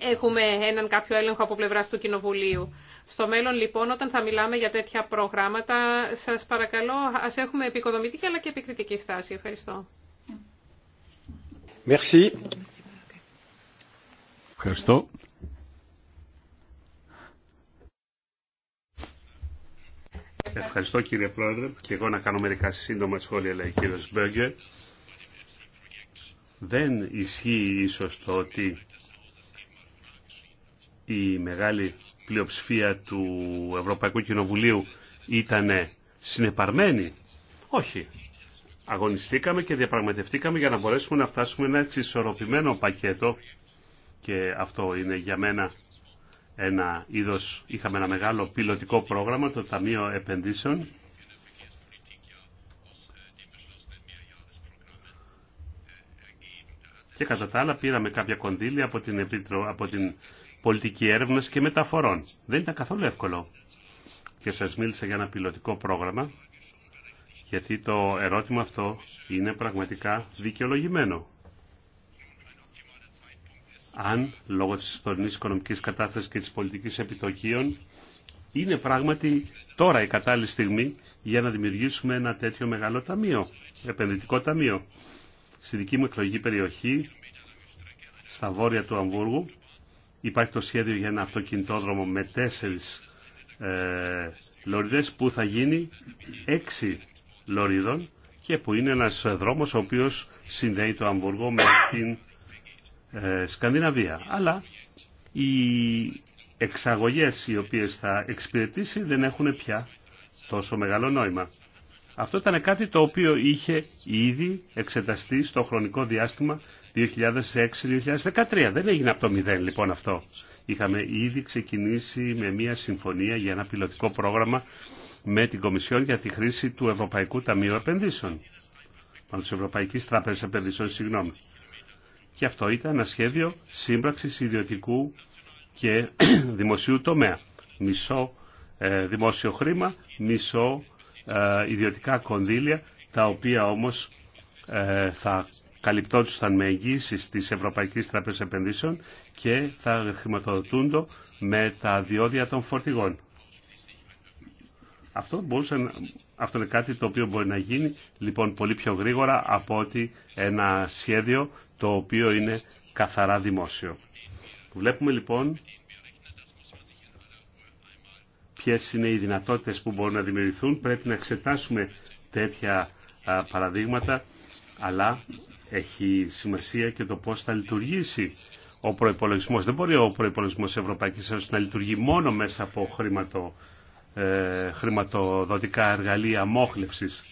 έχουμε έναν κάποιο έλεγχο από πλευράς του Κοινοβουλίου. Στο μέλλον λοιπόν όταν θα μιλάμε για τέτοια προγράμματα σας παρακαλώ ας έχουμε επικοδομητική αλλά και επικριτική στάση. Ευχαριστώ. Ευχαριστώ. Ευχαριστώ κύριε Πρόεδρε και εγώ να κάνω μερικά σύντομα σχόλια λέει κύριο Μπέργκερ. Δεν ισχύει ίσως το ότι η μεγάλη πλειοψηφία του Ευρωπαϊκού Κοινοβουλίου ήταν συνεπαρμένη. Όχι αγωνιστήκαμε και διαπραγματευτήκαμε για να μπορέσουμε να φτάσουμε ένα εξισορροπημένο πακέτο και αυτό είναι για μένα ένα είδος, είχαμε ένα μεγάλο πιλωτικό πρόγραμμα, το Ταμείο Επενδύσεων και κατά τα άλλα πήραμε κάποια κονδύλια από την, Επίτρο, από την πολιτική έρευνα και μεταφορών. Δεν ήταν καθόλου εύκολο και σας μίλησα για ένα πιλωτικό πρόγραμμα γιατί το ερώτημα αυτό είναι πραγματικά δικαιολογημένο. Αν λόγω της ιστορικής οικονομικής κατάστασης και της πολιτικής επιτοκίων είναι πράγματι τώρα η κατάλληλη στιγμή για να δημιουργήσουμε ένα τέτοιο μεγάλο ταμείο, επενδυτικό ταμείο. Στη δική μου εκλογική περιοχή, στα βόρεια του Αμβούργου, υπάρχει το σχέδιο για ένα αυτοκινητόδρομο με τέσσερις ε, λωρίδες που θα γίνει έξι και που είναι ένας δρόμος ο οποίος συνδέει το Αμβουργό με την ε, Σκανδιναβία. Αλλά οι εξαγωγές οι οποίες θα εξυπηρετήσει δεν έχουν πια τόσο μεγάλο νόημα. Αυτό ήταν κάτι το οποίο είχε ήδη εξεταστεί στο χρονικό διάστημα 2006-2013. Δεν έγινε από το μηδέν λοιπόν αυτό. Είχαμε ήδη ξεκινήσει με μια συμφωνία για ένα πιλωτικό πρόγραμμα με την Κομισιόν για τη χρήση του Ευρωπαϊκού Ταμείου Επενδύσεων. Μάλλον τη Ευρωπαϊκή Τράπεζα Επενδύσεων, συγγνώμη. Και αυτό ήταν ένα σχέδιο σύμπραξη ιδιωτικού και δημοσίου τομέα. Μισό ε, δημόσιο χρήμα, μισό ε, ιδιωτικά κονδύλια, τα οποία όμως ε, θα καλυπτόντουσαν με εγγύησει τη Ευρωπαϊκή Τράπεζα Επενδύσεων και θα χρηματοδοτούνται με τα διόδια των φορτηγών. Αυτό, μπορούσε Αυτό είναι κάτι το οποίο μπορεί να γίνει λοιπόν πολύ πιο γρήγορα από ότι ένα σχέδιο το οποίο είναι καθαρά δημόσιο. Βλέπουμε λοιπόν ποιε είναι οι δυνατότητες που μπορούν να δημιουργηθούν. Πρέπει να εξετάσουμε τέτοια παραδείγματα, αλλά έχει σημασία και το πώς θα λειτουργήσει ο προϋπολογισμός. Δεν μπορεί ο προπολογισμό Ευρωπαϊκής Ένωση να λειτουργεί μόνο μέσα από χρηματο ε, χρηματοδοτικά εργαλεία μόχλευσης.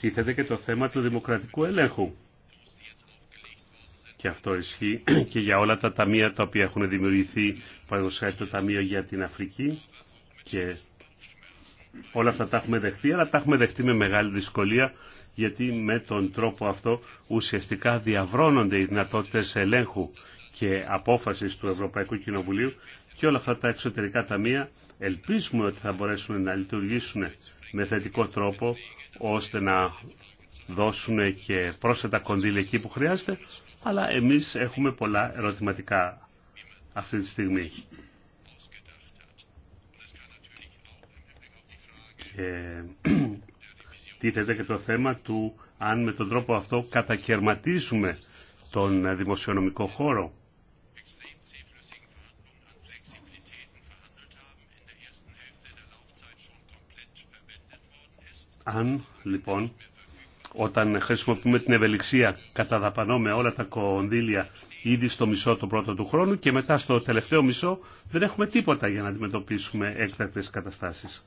Τίθεται και το θέμα του δημοκρατικού ελέγχου. Και αυτό ισχύει και για όλα τα ταμεία τα οποία έχουν δημιουργηθεί, παραδοσιακά το Ταμείο για την Αφρική και όλα αυτά τα έχουμε δεχτεί, αλλά τα έχουμε δεχτεί με μεγάλη δυσκολία γιατί με τον τρόπο αυτό ουσιαστικά διαβρώνονται οι δυνατότητες ελέγχου και απόφασης του Ευρωπαϊκού Κοινοβουλίου και όλα αυτά τα εξωτερικά ταμεία Ελπίζουμε ότι θα μπορέσουν να λειτουργήσουν με θετικό τρόπο ώστε να δώσουν και πρόσθετα κονδύλια εκεί που χρειάζεται, αλλά εμείς έχουμε πολλά ερωτηματικά αυτή τη στιγμή. Και τίθεται και το θέμα του αν με τον τρόπο αυτό κατακαιρματίζουμε τον δημοσιονομικό χώρο Αν λοιπόν όταν χρησιμοποιούμε την ευελιξία με όλα τα κονδύλια ήδη στο μισό το πρώτο του χρόνου και μετά στο τελευταίο μισό δεν έχουμε τίποτα για να αντιμετωπίσουμε έκτακτες καταστάσεις.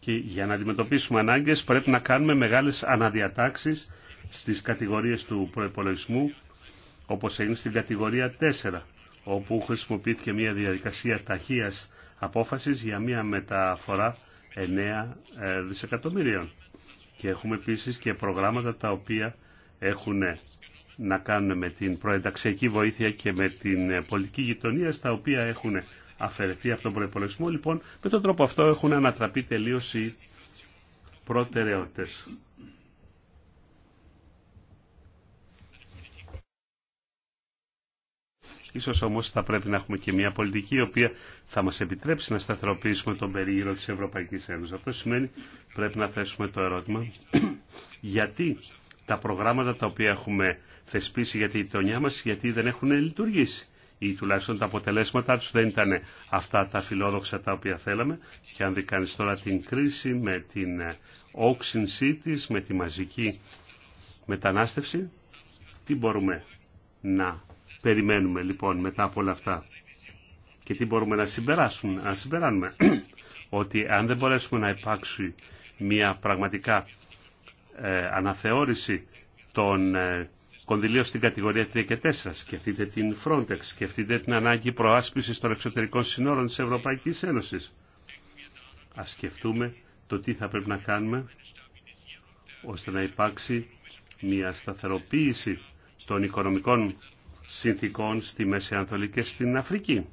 Και για να αντιμετωπίσουμε ανάγκες πρέπει να κάνουμε μεγάλες αναδιατάξεις στις κατηγορίες του προϋπολογισμού όπως είναι στην κατηγορία 4 όπου χρησιμοποιήθηκε μια διαδικασία ταχείας απόφασης για μια μεταφορά 9 ε, δισεκατομμυρίων. Και έχουμε επίσης και προγράμματα τα οποία έχουν ε, να κάνουν με την προενταξιακή βοήθεια και με την ε, πολιτική γειτονία, στα οποία έχουν αφαιρεθεί από τον προπολογισμό. Λοιπόν, με τον τρόπο αυτό έχουν ανατραπεί τελείως οι προτεραιότητες. Ίσως όμως θα πρέπει να έχουμε και μια πολιτική η οποία θα μας επιτρέψει να σταθεροποιήσουμε τον περίγυρο της Ευρωπαϊκής Ένωσης. Αυτό σημαίνει πρέπει να θέσουμε το ερώτημα γιατί τα προγράμματα τα οποία έχουμε θεσπίσει για τη γειτονιά μας γιατί δεν έχουν λειτουργήσει ή τουλάχιστον τα αποτελέσματά τους δεν ήταν αυτά τα φιλόδοξα τα οποία θέλαμε και αν δει κανείς τώρα την κρίση με την ε, όξυνσή της, με τη μαζική μετανάστευση, τι μπορούμε να περιμένουμε λοιπόν μετά από όλα αυτά. Και τι μπορούμε να συμπεράσουμε, να συμπεράνουμε. ότι αν δεν μπορέσουμε να υπάρξει μια πραγματικά ε, αναθεώρηση των ε, κονδυλίων στην κατηγορία 3 και 4, σκεφτείτε την Frontex, σκεφτείτε την ανάγκη προάσπισης των εξωτερικών συνόρων της Ευρωπαϊκής Ένωσης. Ας σκεφτούμε το τι θα πρέπει να κάνουμε ώστε να υπάρξει μια σταθεροποίηση των οικονομικών συνθήκων στη Μέση Ανατολή και στην Αφρική.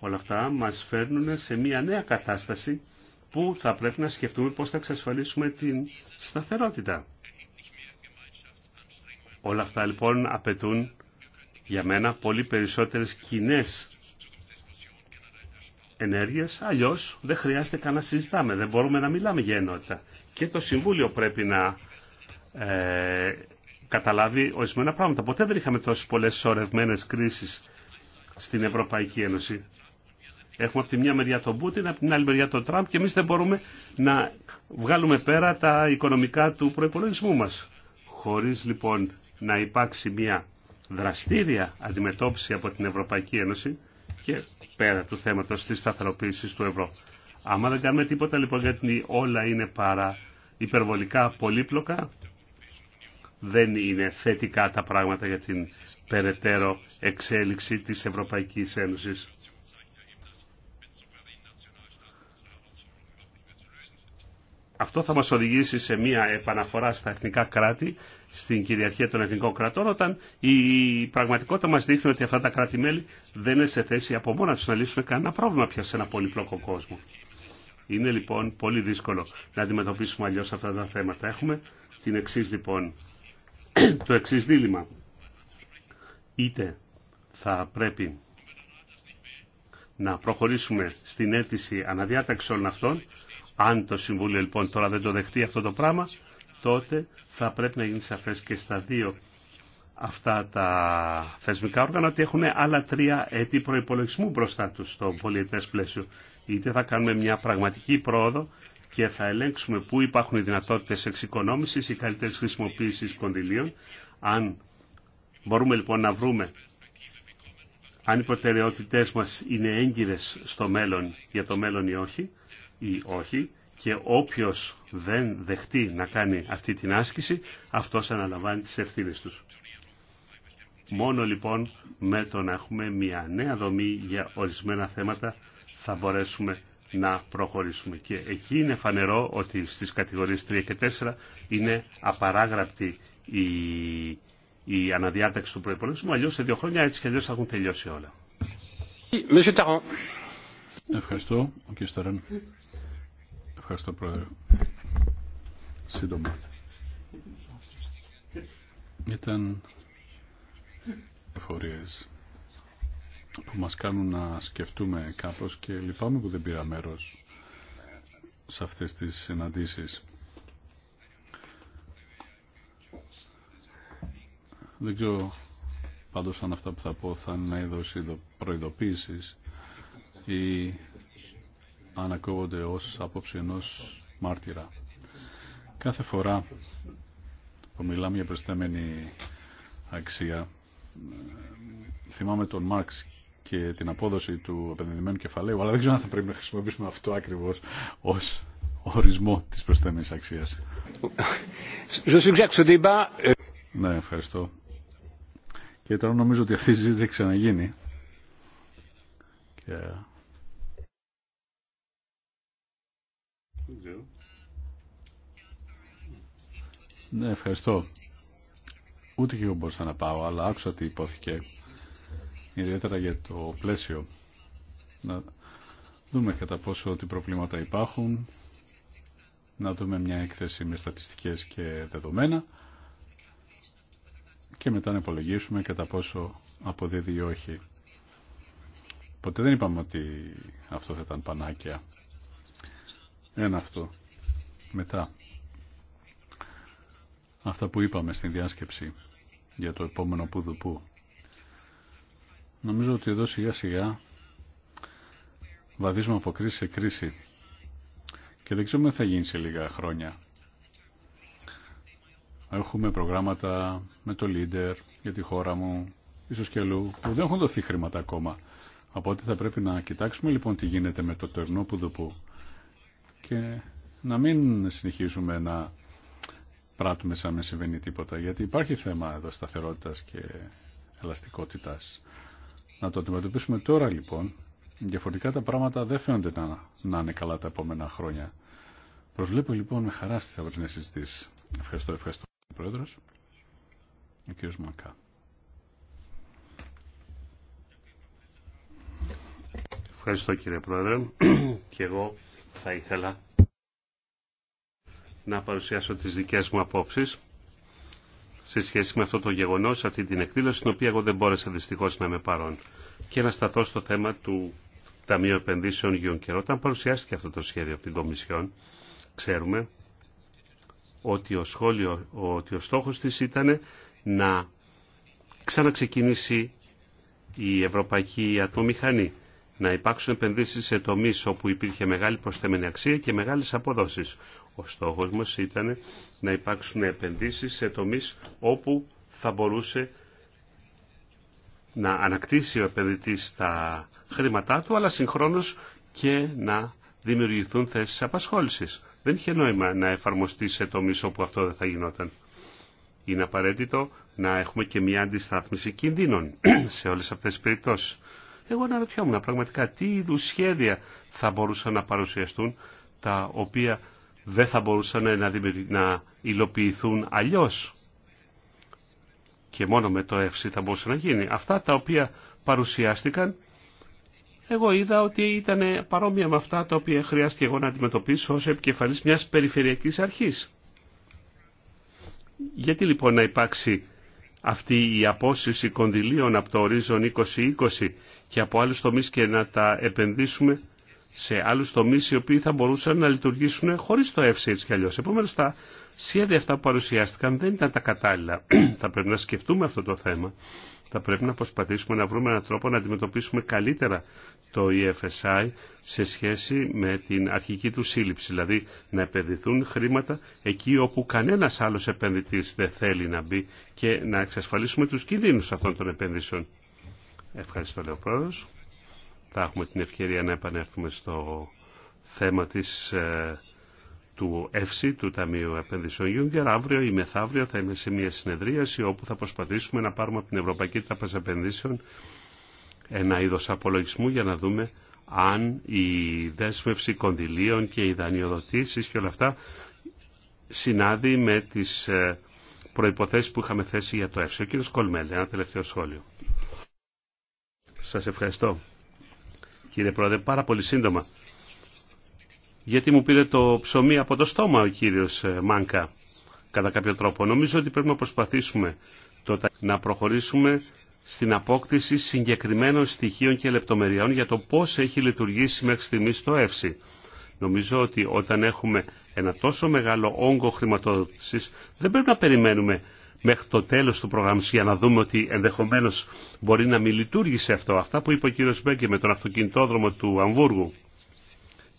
Όλα αυτά μας φέρνουν σε μια νέα κατάσταση που θα πρέπει να σκεφτούμε πώς θα εξασφαλίσουμε την σταθερότητα. Όλα αυτά λοιπόν απαιτούν για μένα πολύ περισσότερες κοινέ ενέργειες, αλλιώς δεν χρειάζεται καν να συζητάμε, δεν μπορούμε να μιλάμε για ενότητα. Και το Συμβούλιο πρέπει να ε, καταλάβει ορισμένα πράγματα. Ποτέ δεν είχαμε τόσες πολλές σωρευμένες κρίσεις στην Ευρωπαϊκή Ένωση. Έχουμε από τη μια μεριά τον Πούτιν, από την άλλη μεριά τον Τραμπ και εμείς δεν μπορούμε να βγάλουμε πέρα τα οικονομικά του προπολογισμού μας. Χωρίς λοιπόν να υπάρξει μια δραστήρια αντιμετώπιση από την Ευρωπαϊκή Ένωση και πέρα του θέματος της σταθεροποίησης του ευρώ. Άμα δεν κάνουμε τίποτα λοιπόν γιατί όλα είναι παρά υπερβολικά πολύπλοκα, δεν είναι θετικά τα πράγματα για την περαιτέρω εξέλιξη της Ευρωπαϊκής Ένωσης. Αυτό θα μας οδηγήσει σε μια επαναφορά στα εθνικά κράτη, στην κυριαρχία των εθνικών κρατών, όταν η πραγματικότητα μας δείχνει ότι αυτά τα κράτη-μέλη δεν είναι σε θέση από μόνα τους να λύσουν κανένα πρόβλημα πια σε ένα πολύπλοκο κόσμο. Είναι λοιπόν πολύ δύσκολο να αντιμετωπίσουμε αλλιώς αυτά τα θέματα. Έχουμε την εξή λοιπόν το εξή δίλημα. Είτε θα πρέπει να προχωρήσουμε στην αίτηση αναδιάταξη όλων αυτών, αν το Συμβούλιο λοιπόν τώρα δεν το δεχτεί αυτό το πράγμα, τότε θα πρέπει να γίνει σαφές και στα δύο αυτά τα θεσμικά όργανα ότι έχουν άλλα τρία έτη προϋπολογισμού μπροστά τους στο πολιετές πλαίσιο. Είτε θα κάνουμε μια πραγματική πρόοδο και θα ελέγξουμε πού υπάρχουν οι δυνατότητες εξοικονόμησης ή καλύτερης χρησιμοποίησης κονδυλίων. Αν μπορούμε λοιπόν να βρούμε αν οι προτεραιότητές μας είναι έγκυρες στο μέλλον, για το μέλλον ή όχι, ή όχι, και όποιος δεν δεχτεί να κάνει αυτή την άσκηση, αυτός αναλαμβάνει τις ευθύνες του. Μόνο λοιπόν με το να έχουμε μια νέα δομή για ορισμένα θέματα θα μπορέσουμε να προχωρήσουμε. Και εκεί είναι φανερό ότι στις κατηγορίες 3 και 4 είναι απαράγραπτη η, η αναδιάταξη του προϋπολογισμού, αλλιώς σε δύο χρόνια έτσι και αλλιώς θα έχουν τελειώσει όλα. Ευχαριστώ, κύριε Σταράν. Ευχαριστώ, Πρόεδρε. Σύντομα. Ήταν εφορίες που μας κάνουν να σκεφτούμε κάπως και λυπάμαι που δεν πήρα μέρος σε αυτές τις συναντήσεις. Δεν ξέρω πάντως αν αυτά που θα πω θα είναι είδος προειδοποίησης ή αν ακούγονται ως άποψη μάρτυρα. Κάθε φορά που μιλάμε για προστέμενη αξία θυμάμαι τον Μάρξ και την απόδοση του επενδυμένου κεφαλαίου, αλλά δεν ξέρω αν θα πρέπει να χρησιμοποιήσουμε αυτό ακριβώς ως ορισμό της προσθεμένη αξίας. Euh, ναι, ευχαριστώ. Και τώρα νομίζω ότι αυτή η συζήτηση έχει ξαναγίνει. Και... Ναι, ευχαριστώ. Ούτε και εγώ μπορούσα να πάω, αλλά άκουσα τι υπόθηκε ιδιαίτερα για το πλαίσιο. Να δούμε κατά πόσο ότι προβλήματα υπάρχουν, να δούμε μια έκθεση με στατιστικές και δεδομένα και μετά να υπολογίσουμε κατά πόσο αποδίδει ή όχι. Ποτέ δεν είπαμε ότι αυτό θα ήταν πανάκια. Ένα αυτό. Μετά. Αυτά που είπαμε στην διάσκεψη για το επόμενο πουδουπού. Νομίζω ότι εδώ σιγά σιγά βαδίζουμε από κρίση σε κρίση και δεν ξέρουμε τι θα γίνει σε λίγα χρόνια. Έχουμε προγράμματα με το Λίντερ για τη χώρα μου, ίσως και αλλού, που δεν έχουν δοθεί χρήματα ακόμα. Από ότι θα πρέπει να κοιτάξουμε λοιπόν τι γίνεται με το τερνό δουπού και να μην συνεχίζουμε να πράττουμε σαν να συμβαίνει τίποτα, γιατί υπάρχει θέμα εδώ σταθερότητας και ελαστικότητας. Να το αντιμετωπίσουμε τώρα λοιπόν, διαφορετικά τα πράγματα δεν φαίνονται να, να είναι καλά τα επόμενα χρόνια. Προσβλέπω λοιπόν με χαρά στις αυρινές συζητήσεις. Ευχαριστώ, ευχαριστώ Πρόεδρος. Ο κύριος Μακά. Ευχαριστώ κύριε Πρόεδρε. Και εγώ θα ήθελα να παρουσιάσω τις δικές μου απόψεις σε σχέση με αυτό το γεγονός, αυτή την εκδήλωση, στην οποία εγώ δεν μπόρεσα δυστυχώς να είμαι παρόν. Και να σταθώ στο θέμα του Ταμείου Επενδύσεων Γιούνκερ. Όταν παρουσιάστηκε αυτό το σχέδιο από την Κομισιόν, ξέρουμε ότι ο, σχόλιο, ότι ο στόχος της ήταν να ξαναξεκινήσει η ευρωπαϊκή ατομηχανή, να υπάρξουν επενδύσεις σε τομείς όπου υπήρχε μεγάλη προσθέμενη αξία και μεγάλες αποδόσεις. Ο στόχος μας ήταν να υπάρξουν επενδύσεις σε τομείς όπου θα μπορούσε να ανακτήσει ο επενδυτής τα χρήματά του, αλλά συγχρόνως και να δημιουργηθούν θέσεις απασχόλησης. Δεν είχε νόημα να εφαρμοστεί σε τομείς όπου αυτό δεν θα γινόταν. Είναι απαραίτητο να έχουμε και μια αντιστάθμιση κινδύνων σε όλες αυτές τις περιπτώσεις. Εγώ αναρωτιόμουν πραγματικά τι είδου σχέδια θα μπορούσαν να παρουσιαστούν τα οποία δεν θα μπορούσαν να, να υλοποιηθούν αλλιώς. Και μόνο με το ΕΦΣΥ θα μπορούσε να γίνει. Αυτά τα οποία παρουσιάστηκαν, εγώ είδα ότι ήταν παρόμοια με αυτά τα οποία χρειάστηκε εγώ να αντιμετωπίσω ως επικεφαλής μιας περιφερειακής αρχής. Γιατί λοιπόν να υπάρξει αυτή η απόσυρση κονδυλίων από το ορίζον 2020 και από άλλους τομείς και να τα επενδύσουμε σε άλλους τομείς οι οποίοι θα μπορούσαν να λειτουργήσουν χωρίς το FC έτσι κι αλλιώς. Επομένως τα σχέδια αυτά που παρουσιάστηκαν δεν ήταν τα κατάλληλα. θα πρέπει να σκεφτούμε αυτό το θέμα. Θα πρέπει να προσπαθήσουμε να βρούμε έναν τρόπο να αντιμετωπίσουμε καλύτερα το EFSI σε σχέση με την αρχική του σύλληψη. Δηλαδή να επενδυθούν χρήματα εκεί όπου κανένας άλλος επενδυτής δεν θέλει να μπει και να εξασφαλίσουμε τους κινδύνους αυτών των επενδύσεων. Ευχαριστώ, Λεωπρόεδρος θα έχουμε την ευκαιρία να επανέλθουμε στο θέμα της, ε, του ΕΦΣΙ, του Ταμείου Επενδύσεων Γιούγκερ. Αύριο ή μεθαύριο θα είμαι σε μια συνεδρίαση όπου θα προσπαθήσουμε να πάρουμε από την Ευρωπαϊκή Τράπεζα Επενδύσεων ένα είδος απολογισμού για να δούμε αν η δέσμευση κονδυλίων και οι δανειοδοτήσεις και όλα αυτά συνάδει με τις ε, προϋποθέσεις που είχαμε θέσει για το ΕΦΣΙ. Ο κ. Κολμέλη, ένα τελευταίο σχόλιο. Σας ευχαριστώ κύριε Πρόεδρε, πάρα πολύ σύντομα. Γιατί μου πήρε το ψωμί από το στόμα ο κύριος ε, Μάνκα, κατά κάποιο τρόπο. Νομίζω ότι πρέπει να προσπαθήσουμε να προχωρήσουμε στην απόκτηση συγκεκριμένων στοιχείων και λεπτομεριών για το πώς έχει λειτουργήσει μέχρι στιγμής το ΕΦΣΥ. Νομίζω ότι όταν έχουμε ένα τόσο μεγάλο όγκο χρηματοδότησης δεν πρέπει να περιμένουμε μέχρι το τέλο του προγράμματος για να δούμε ότι ενδεχομένω μπορεί να μην λειτουργήσει αυτό. Αυτά που είπε ο κύριο Μπέγκε με τον αυτοκινητόδρομο του Αμβούργου.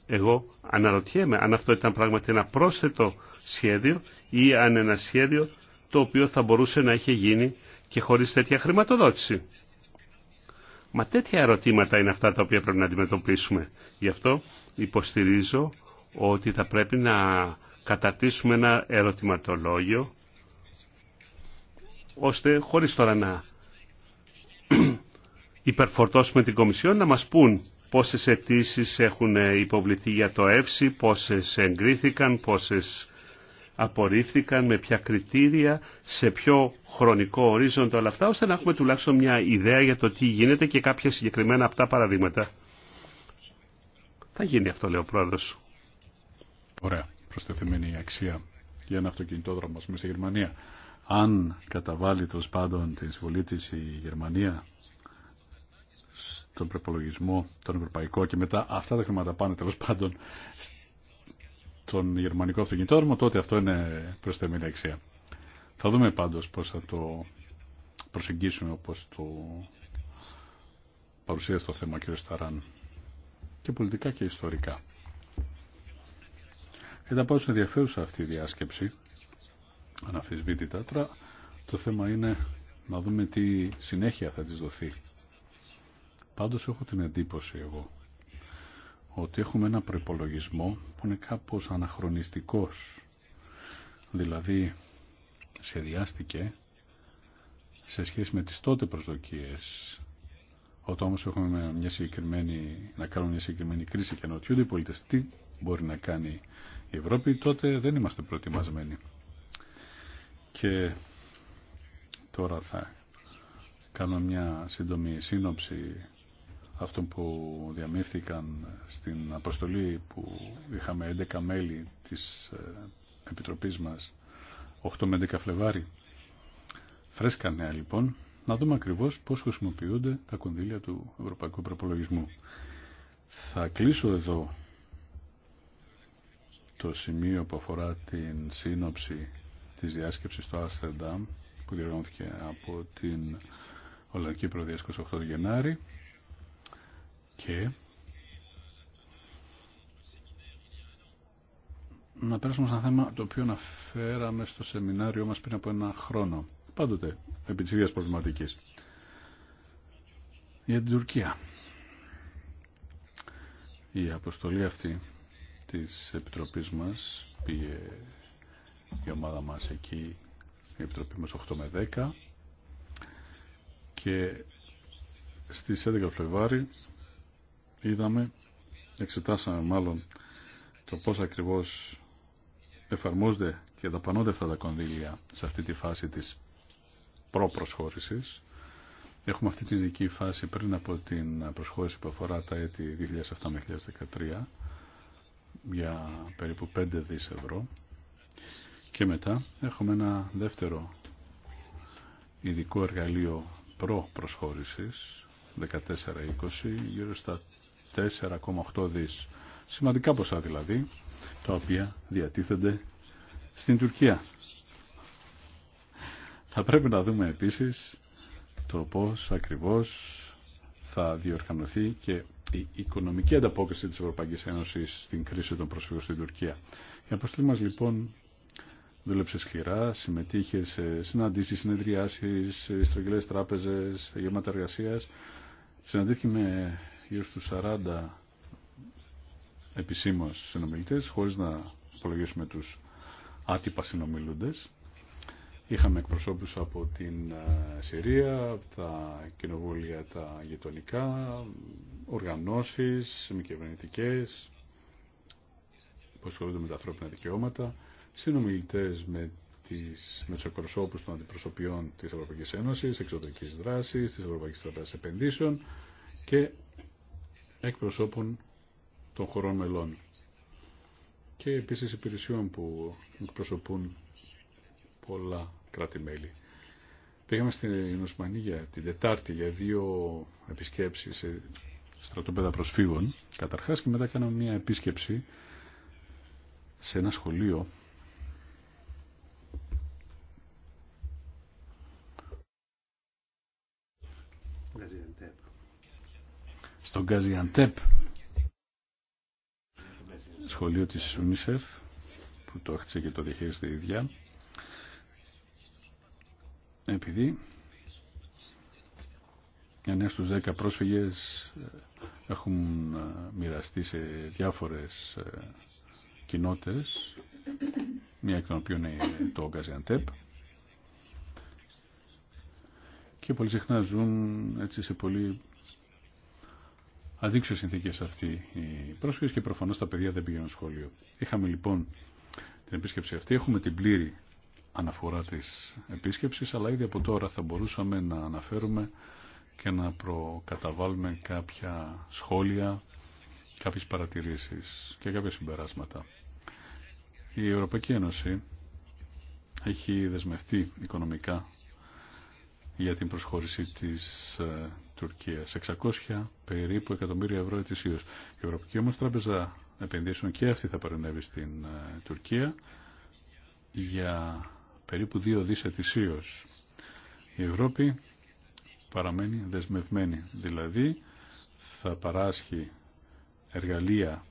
Εγώ αναρωτιέμαι αν αυτό ήταν πράγματι ένα πρόσθετο σχέδιο ή αν ένα σχέδιο το οποίο θα μπορούσε να είχε γίνει και χωρίς τέτοια χρηματοδότηση. Μα τέτοια ερωτήματα είναι αυτά τα οποία πρέπει να αντιμετωπίσουμε. Γι' αυτό υποστηρίζω ότι θα πρέπει να κατατήσουμε ένα ερωτηματολόγιο ώστε χωρίς τώρα να υπερφορτώσουμε την Κομισιόν να μας πούν πόσες αιτήσει έχουν υποβληθεί για το ΕΦΣΥ, πόσες εγκρίθηκαν, πόσες απορρίφθηκαν, με ποια κριτήρια, σε ποιο χρονικό ορίζοντα όλα αυτά, ώστε να έχουμε τουλάχιστον μια ιδέα για το τι γίνεται και κάποια συγκεκριμένα τα παραδείγματα. Θα γίνει αυτό, λέει ο πρόεδρος. Ωραία, προστεθεμένη αξία για ένα αυτοκινητόδρομο, στη Γερμανία αν καταβάλει τέλο πάντων την συμβολή της η Γερμανία στον προπολογισμό τον ευρωπαϊκό και μετά αυτά τα χρήματα πάνε τέλο πάντων στον γερμανικό αυτοκινητόρμο, τότε αυτό είναι προς τα εξία. Θα δούμε πάντως πώς θα το προσεγγίσουμε όπως το παρουσίασε το θέμα κ. Σταράν και πολιτικά και ιστορικά. Ήταν πάντως ενδιαφέρουσα αυτή η διάσκεψη αναφυσβήτητα. Τώρα το θέμα είναι να δούμε τι συνέχεια θα της δοθεί. Πάντως έχω την εντύπωση εγώ ότι έχουμε ένα προπολογισμό που είναι κάπως αναχρονιστικός. Δηλαδή σχεδιάστηκε σε σχέση με τις τότε προσδοκίες όταν όμως έχουμε μια συγκεκριμένη, να κάνουμε μια συγκεκριμένη κρίση και οτιούνται οι πολίτες τι μπορεί να κάνει η Ευρώπη τότε δεν είμαστε προετοιμασμένοι. Και τώρα θα κάνω μια σύντομη σύνοψη αυτών που διαμήφθηκαν στην αποστολή που είχαμε 11 μέλη της ε, Επιτροπής μας 8 με 11 Φλεβάρι. Φρέσκα νέα λοιπόν, να δούμε ακριβώς πώς χρησιμοποιούνται τα κονδύλια του Ευρωπαϊκού Προπολογισμού. Θα κλείσω εδώ το σημείο που αφορά την σύνοψη της διάσκεψης στο Άστερνταμ που διοργανώθηκε από την Ολλανδική Προεδρία 28 Γενάρη και να πέρασουμε σε ένα θέμα το οποίο αναφέραμε στο σεμινάριό μας πριν από ένα χρόνο πάντοτε επί της ίδιας προβληματικής για την Τουρκία η αποστολή αυτή της Επιτροπής μας πήγε η ομάδα μας εκεί, η Επιτροπή μας 8 με 10 και στις 11 Φλεβάρι είδαμε, εξετάσαμε μάλλον το πώς ακριβώς εφαρμόζονται και δαπανώνται αυτά τα κονδύλια σε αυτή τη φάση της προπροσχώρησης. Έχουμε αυτή τη δική φάση πριν από την προσχώρηση που αφορά τα έτη 2007 με 2013 για περίπου 5 δις ευρώ και μετά έχουμε ένα δεύτερο ειδικό εργαλείο προ-προσχώρησης, 14-20, γύρω στα 4,8 δις. Σημαντικά ποσά δηλαδή, τα οποία διατίθενται στην Τουρκία. Θα πρέπει να δούμε επίσης το πώς ακριβώς θα διοργανωθεί και η οικονομική ανταπόκριση της Ευρωπαϊκής Ένωσης στην κρίση των προσφύγων στην Τουρκία. Η αποστολή μας λοιπόν δούλεψε σκληρά, συμμετείχε σε συναντήσει, συνεδριάσει, στρογγυλέ τράπεζες, γεμάτα εργασία. Συναντήθηκε με γύρω στου 40 επισήμω συνομιλητέ, χωρί να απολογίσουμε τους άτυπα συνομιλούντε. Είχαμε εκπροσώπους από την Συρία, από τα κοινοβούλια τα γειτονικά, οργανώσεις, μη κυβερνητικέ, που ασχολούνται με τα ανθρώπινα δικαιώματα συνομιλητέ με τις, με τους των αντιπροσωπιών της Ευρωπαϊκή Ένωση, εξωτερικής δράσης, της Ευρωπαϊκή Τραπέζας Επενδύσεων και εκπροσώπων των χωρών μελών και επίσης υπηρεσιών που εκπροσωπούν πολλά κράτη-μέλη. Πήγαμε στην για την Δετάρτη για δύο επισκέψεις σε στρατόπεδα προσφύγων καταρχάς και μετά κάναμε μια επίσκεψη σε ένα σχολείο στον Γκάζι σχολείο της UNICEF που το έχτισε και το διαχείρισε η ίδια επειδή 9 στους 10 πρόσφυγες ε, έχουν ε, μοιραστεί σε διάφορες ε, κοινότητες μία εκ των οποίων είναι το Γκαζιαντέπ και πολύ συχνά ζουν έτσι σε πολύ αδίξω συνθήκες αυτή, η πρόσφυγες και προφανώ τα παιδιά δεν πήγαιναν σχολείο. Είχαμε λοιπόν την επίσκεψη αυτή, έχουμε την πλήρη αναφορά της επίσκεψης, αλλά ήδη από τώρα θα μπορούσαμε να αναφέρουμε και να προκαταβάλουμε κάποια σχόλια, κάποιες παρατηρήσεις και κάποια συμπεράσματα. Η Ευρωπαϊκή Ένωση έχει δεσμευτεί οικονομικά για την προσχώρηση της ε, Τουρκία. 600 περίπου εκατομμύρια ευρώ ετησίω. Η Ευρωπαϊκή όμως Τράπεζα Επενδύσεων και αυτή θα παρενέβει στην ε, Τουρκία για περίπου 2 δι ετησίως. Η Ευρώπη παραμένει δεσμευμένη, δηλαδή θα παράσχει εργαλεία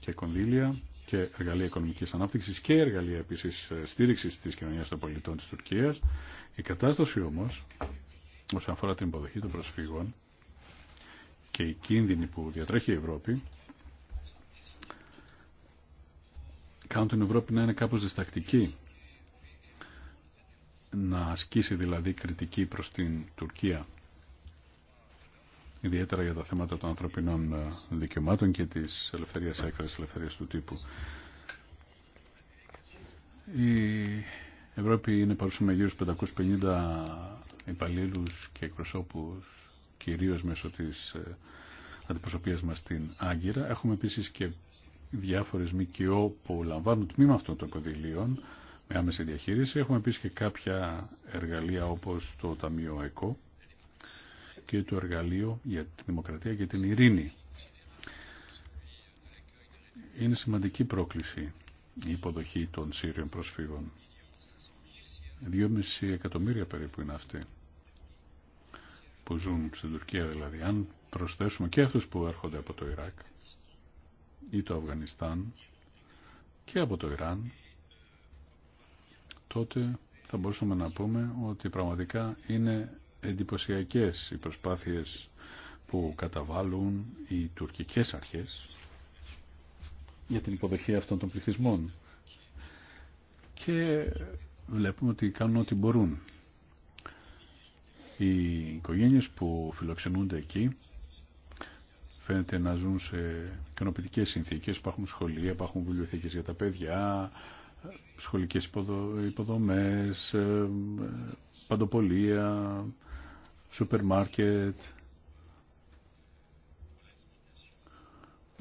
και κονδύλια και εργαλεία οικονομικής ανάπτυξης και εργαλεία επίσης ε, στήριξης της κοινωνίας των πολιτών τη Τουρκία, Η κατάσταση όμω όσον αφορά την υποδοχή των προσφύγων και οι κίνδυνοι που διατρέχει η Ευρώπη κάνουν την Ευρώπη να είναι κάπως διστακτική να ασκήσει δηλαδή κριτική προς την Τουρκία ιδιαίτερα για τα θέματα των ανθρωπινών ε, δικαιωμάτων και της ελευθερίας έκρασης, της ελευθερίας του τύπου. Η Ευρώπη είναι παρούσα με γύρω 550 υπαλλήλου και εκπροσώπου κυρίως μέσω της ε, αντιπροσωπείας μας στην Άγκυρα. Έχουμε επίσης και διάφορες ΜΚΟ που λαμβάνουν τμήμα αυτών των κονδυλίων με άμεση διαχείριση. Έχουμε επίσης και κάποια εργαλεία όπως το Ταμείο ΕΚΟ και το Εργαλείο για τη Δημοκρατία και την Ειρήνη. Είναι σημαντική πρόκληση η υποδοχή των Σύριων προσφύγων. 2,5 εκατομμύρια περίπου είναι αυτοί που ζουν στην Τουρκία δηλαδή, αν προσθέσουμε και αυτούς που έρχονται από το Ιράκ ή το Αφγανιστάν και από το Ιράν, τότε θα μπορούσαμε να πούμε ότι πραγματικά είναι εντυπωσιακές οι προσπάθειες που καταβάλουν οι τουρκικές αρχές για την υποδοχή αυτών των πληθυσμών. Και βλέπουμε ότι κάνουν ό,τι μπορούν οι οικογένειες που φιλοξενούνται εκεί φαίνεται να ζουν σε ικανοποιητικέ συνθήκες. Υπάρχουν σχολεία, υπάρχουν βιβλιοθήκες για τα παιδιά, σχολικές υποδομές, ε, παντοπολία, σούπερ μάρκετ.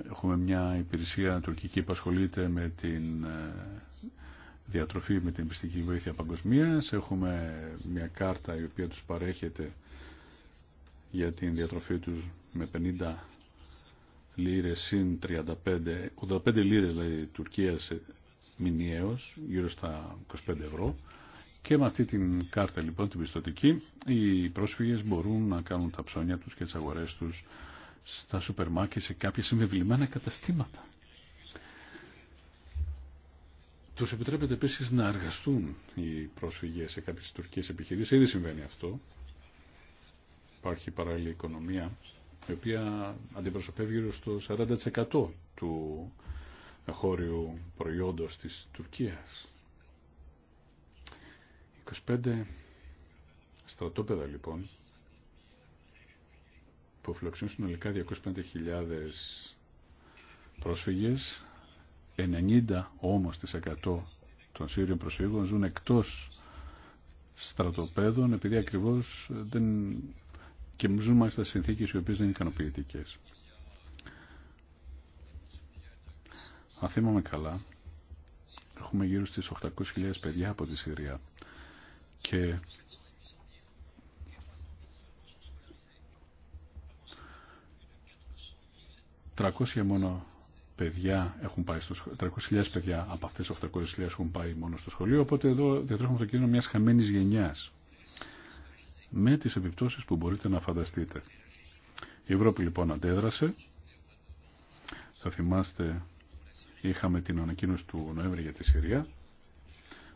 Έχουμε μια υπηρεσία τουρκική που ασχολείται με την ε, διατροφή με την πιστική βοήθεια παγκοσμία. Έχουμε μια κάρτα η οποία τους παρέχεται για την διατροφή τους με 50 λίρες συν 35, 85 λίρες δηλαδή Τουρκίας μηνιαίως, γύρω στα 25 ευρώ. Και με αυτή την κάρτα λοιπόν την πιστοτική οι πρόσφυγες μπορούν να κάνουν τα ψώνια τους και τις αγορές τους στα σούπερ μάρκετ σε κάποια συμβεβλημένα καταστήματα. Τους επιτρέπεται επίσης να εργαστούν οι πρόσφυγες σε κάποιες τουρκικέ επιχειρήσεις. Ήδη συμβαίνει αυτό. Υπάρχει παράλληλη οικονομία η οποία αντιπροσωπεύει γύρω στο 40% του χώριου προϊόντος της Τουρκίας. 25 στρατόπεδα λοιπόν που φιλοξενούν συνολικά 250.000 πρόσφυγες 90 όμως της 100 των Σύριων προσφύγων ζουν εκτός στρατοπέδων επειδή ακριβώς δεν... και ζουν μάλιστα συνθήκες οι οποίες δεν είναι ικανοποιητικές. Αν θυμάμαι καλά, έχουμε γύρω στις 800.000 παιδιά από τη Συρία και τρακόσια μόνο παιδιά έχουν πάει στο σχολείο, 300.000 παιδιά από αυτές τις 800.000 έχουν πάει μόνο στο σχολείο, οπότε εδώ διατρέχουμε το κίνδυνο μιας χαμένης γενιάς. Με τις επιπτώσεις που μπορείτε να φανταστείτε. Η Ευρώπη λοιπόν αντέδρασε. Θα θυμάστε είχαμε την ανακοίνωση του Νοέμβρη για τη Συρία,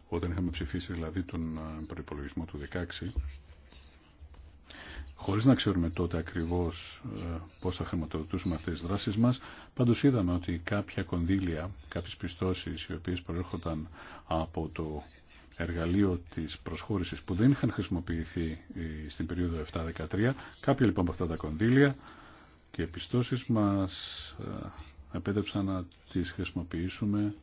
όταν είχαμε ψηφίσει δηλαδή τον ε, προπολογισμό του 16 χωρίς να ξέρουμε τότε ακριβώς ε, πώς θα χρηματοδοτούσουμε αυτές τις δράσεις μας, πάντως είδαμε ότι κάποια κονδύλια, κάποιες πιστώσεις οι οποίες προέρχονταν από το εργαλείο της προσχώρησης που δεν είχαν χρησιμοποιηθεί ε, στην περίοδο 7-13, κάποια λοιπόν από αυτά τα κονδύλια και πιστώσεις μας ε, επέτρεψαν να τις χρησιμοποιήσουμε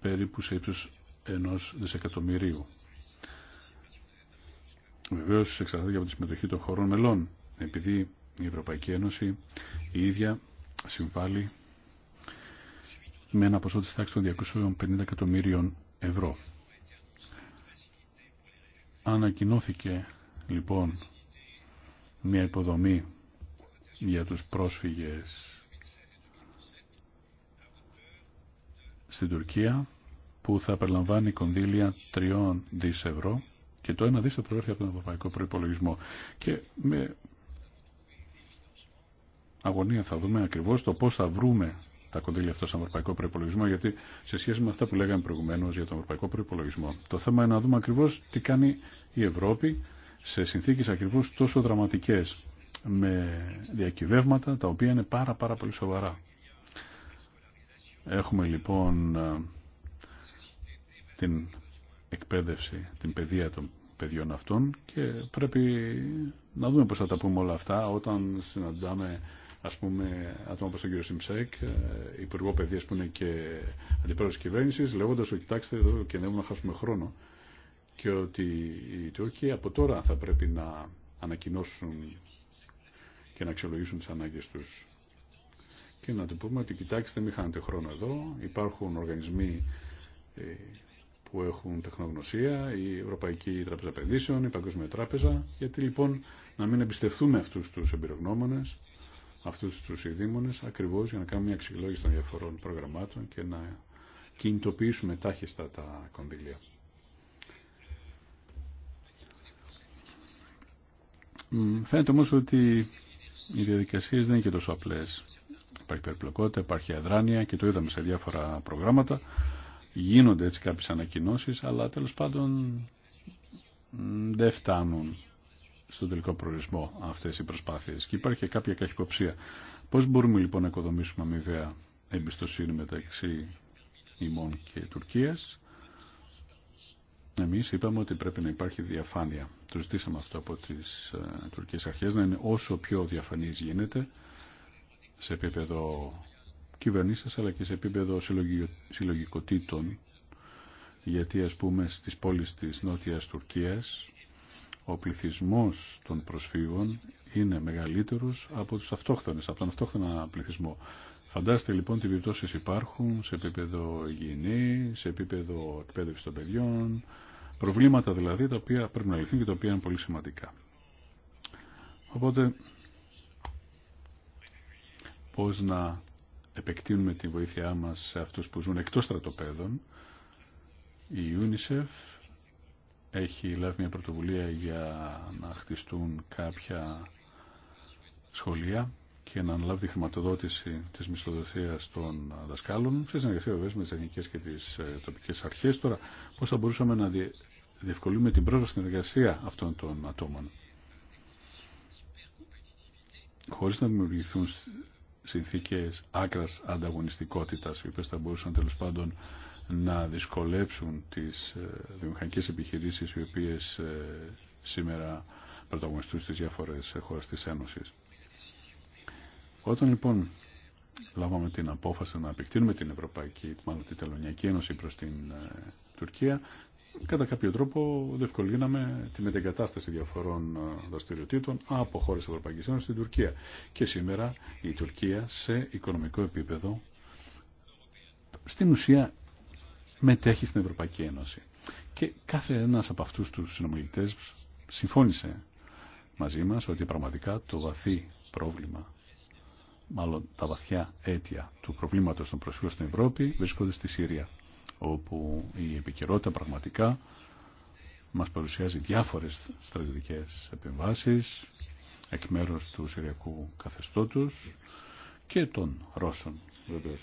περίπου σε ύψος ενός δισεκατομμυρίου. Βεβαίω εξαρτάται και από τη συμμετοχή των χωρών μελών, επειδή η Ευρωπαϊκή Ένωση η ίδια συμβάλλει με ένα ποσό τη τάξης των 250 εκατομμύριων ευρώ. Ανακοινώθηκε λοιπόν μια υποδομή για τους πρόσφυγες στην Τουρκία που θα περιλαμβάνει κονδύλια 3 δις ευρώ και το ένα δίστα προέρχεται από τον ευρωπαϊκό προπολογισμό. Και με αγωνία θα δούμε ακριβώς το πώς θα βρούμε τα κονδύλια αυτά στον ευρωπαϊκό προπολογισμό, γιατί σε σχέση με αυτά που λέγαμε προηγουμένω για τον ευρωπαϊκό προπολογισμό, το θέμα είναι να δούμε ακριβώ τι κάνει η Ευρώπη σε συνθήκε ακριβώ τόσο δραματικέ, με διακυβεύματα τα οποία είναι πάρα, πάρα πολύ σοβαρά. Έχουμε λοιπόν ε, την εκπαίδευση, την παιδεία των παιδιών αυτών και πρέπει να δούμε πώς θα τα πούμε όλα αυτά όταν συναντάμε ας πούμε άτομα όπως τον κύριο Σιμψέκ, ε, υπουργό παιδείας που είναι και αντιπρόεδρος κυβέρνησης, λέγοντας ότι κοιτάξτε εδώ και να χάσουμε χρόνο και ότι οι Τούρκοι από τώρα θα πρέπει να ανακοινώσουν και να αξιολογήσουν τις ανάγκες τους. Και να του πούμε ότι κοιτάξτε μην χάνετε χρόνο εδώ, υπάρχουν οργανισμοί ε, που έχουν τεχνογνωσία, η Ευρωπαϊκή Τράπεζα Επενδύσεων, η Παγκόσμια Τράπεζα. Γιατί λοιπόν να μην εμπιστευτούμε αυτού του εμπειρογνώμονε, αυτού του ειδήμονε, ακριβώ για να κάνουμε μια αξιολόγηση των διαφορών προγραμμάτων και να κινητοποιήσουμε τάχιστα τα κονδύλια. Φαίνεται όμω ότι οι διαδικασίε δεν είναι και τόσο απλέ. Υπάρχει περιπλοκότητα, υπάρχει αδράνεια και το είδαμε σε διάφορα προγράμματα Γίνονται έτσι κάποιες ανακοινώσεις, αλλά τέλος πάντων δεν φτάνουν στο τελικό προορισμό αυτές οι προσπάθειες. Και υπάρχει και κάποια καχυποψία. Πώς μπορούμε λοιπόν να οικοδομήσουμε αμοιβαία εμπιστοσύνη μεταξύ ημών και Τουρκίας. Εμείς είπαμε ότι πρέπει να υπάρχει διαφάνεια. Το ζητήσαμε αυτό από τις ε, τουρκικές αρχές, να είναι όσο πιο διαφανής γίνεται σε επίπεδο κυβερνήσεις αλλά και σε επίπεδο συλλογικοτήτων γιατί ας πούμε στις πόλεις της Νότιας Τουρκίας ο πληθυσμός των προσφύγων είναι μεγαλύτερος από τους αυτόχθονες, από τον αυτόχθονα πληθυσμό. Φαντάστε λοιπόν τι επιπτώσεις υπάρχουν σε επίπεδο υγιεινή, σε επίπεδο εκπαίδευση των παιδιών, προβλήματα δηλαδή τα οποία πρέπει να λυθούν και τα οποία είναι πολύ σημαντικά. Οπότε, πώς να επεκτείνουμε τη βοήθειά μας σε αυτούς που ζουν εκτός στρατοπέδων. Η UNICEF έχει λάβει μια πρωτοβουλία για να χτιστούν κάποια σχολεία και να αναλάβει τη χρηματοδότηση της μισθοδοσίας των δασκάλων σε συνεργασία βέβαια με τις εθνικές και τις ε, τοπικές αρχές. Τώρα πώς θα μπορούσαμε να διευκολύνουμε την πρόσβαση στην εργασία αυτών των ατόμων χωρίς να δημιουργηθούν συνθήκες άκρας ανταγωνιστικότητας, οι οποίες θα μπορούσαν τέλο πάντων να δυσκολέψουν τις ε, βιομηχανικές επιχειρήσεις οι οποίες ε, σήμερα πρωταγωνιστούν στις διάφορες χώρες της Ένωσης. Όταν λοιπόν λάβαμε την απόφαση να επεκτείνουμε την Ευρωπαϊκή, μάλλον την Τελωνιακή Ένωση προς την ε, Τουρκία, κατά κάποιο τρόπο δευκολύναμε τη μετεγκατάσταση διαφορών ε, δραστηριοτήτων από χώρε τη Ευρωπαϊκή Ένωση στην Τουρκία. Και σήμερα η Τουρκία σε οικονομικό επίπεδο στην ουσία μετέχει στην Ευρωπαϊκή Ένωση. Και κάθε ένας από αυτού τους συνομιλητές συμφώνησε μαζί μας ότι πραγματικά το βαθύ πρόβλημα, μάλλον τα βαθιά αίτια του προβλήματος των προσφύγων στην Ευρώπη βρίσκονται στη Συρία όπου η επικαιρότητα πραγματικά μας παρουσιάζει διάφορες στρατιωτικές επιβάσεις εκ μέρους του Συριακού καθεστώτους και των Ρώσων βεβαίως,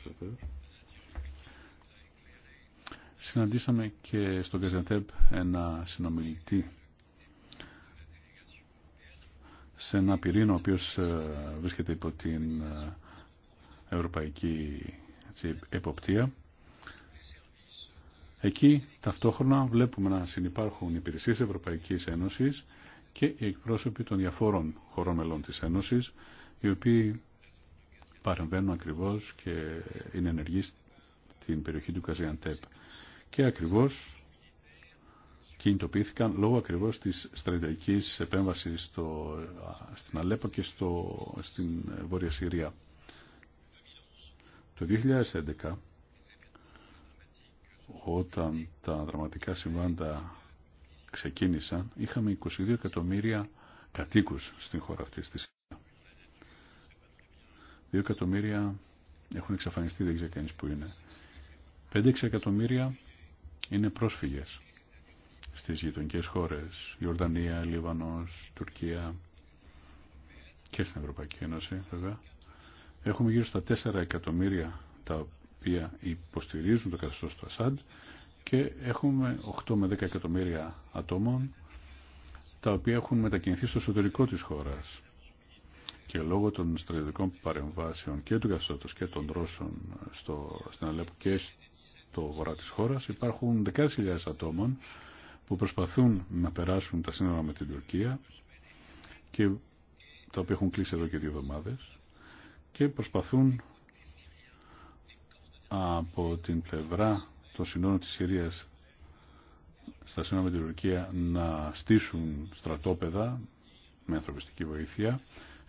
Συναντήσαμε και στο Καζιαντέπ ένα συνομιλητή σε ένα πυρήνο ο οποίος ε, βρίσκεται υπό την ε, ευρωπαϊκή έτσι, εποπτεία Εκεί ταυτόχρονα βλέπουμε να συνεπάρχουν υπηρεσίες Ευρωπαϊκής Ένωσης και οι εκπρόσωποι των διαφόρων χωρών μελών της Ένωσης, οι οποίοι παρεμβαίνουν ακριβώς και είναι ενεργοί στην περιοχή του Καζιαντέπ. Και ακριβώς κινητοποιήθηκαν λόγω ακριβώς της στρατηγικής επέμβασης στο, στην Αλέπο και στο, στην Βόρεια Συρία. Το 2011 όταν τα δραματικά συμβάντα ξεκίνησαν, είχαμε 22 εκατομμύρια κατοίκους στην χώρα αυτή στη Συρία. 2 εκατομμύρια έχουν εξαφανιστεί, δεν ξέρει που είναι. 5-6 εκατομμύρια είναι πρόσφυγες στις γειτονικές χώρες, Ιορδανία, Λίβανος, Τουρκία και στην Ευρωπαϊκή Ένωση βέβαια. Έχουμε γύρω στα 4 εκατομμύρια τα οποία υποστηρίζουν το καθεστώς του Ασάντ και έχουμε 8 με 10 εκατομμύρια ατόμων τα οποία έχουν μετακινηθεί στο εσωτερικό της χώρας και λόγω των στρατιωτικών παρεμβάσεων και του καθεστώτος και των Ρώσων στο, στην Αλέπου και στο βορρά της χώρας υπάρχουν δεκάδες χιλιάδες ατόμων που προσπαθούν να περάσουν τα σύνορα με την Τουρκία και τα οποία έχουν κλείσει εδώ και δύο εβδομάδες και προσπαθούν από την πλευρά των συνόρων της Συρίας στα σύνορα με την Τουρκία να στήσουν στρατόπεδα με ανθρωπιστική βοήθεια.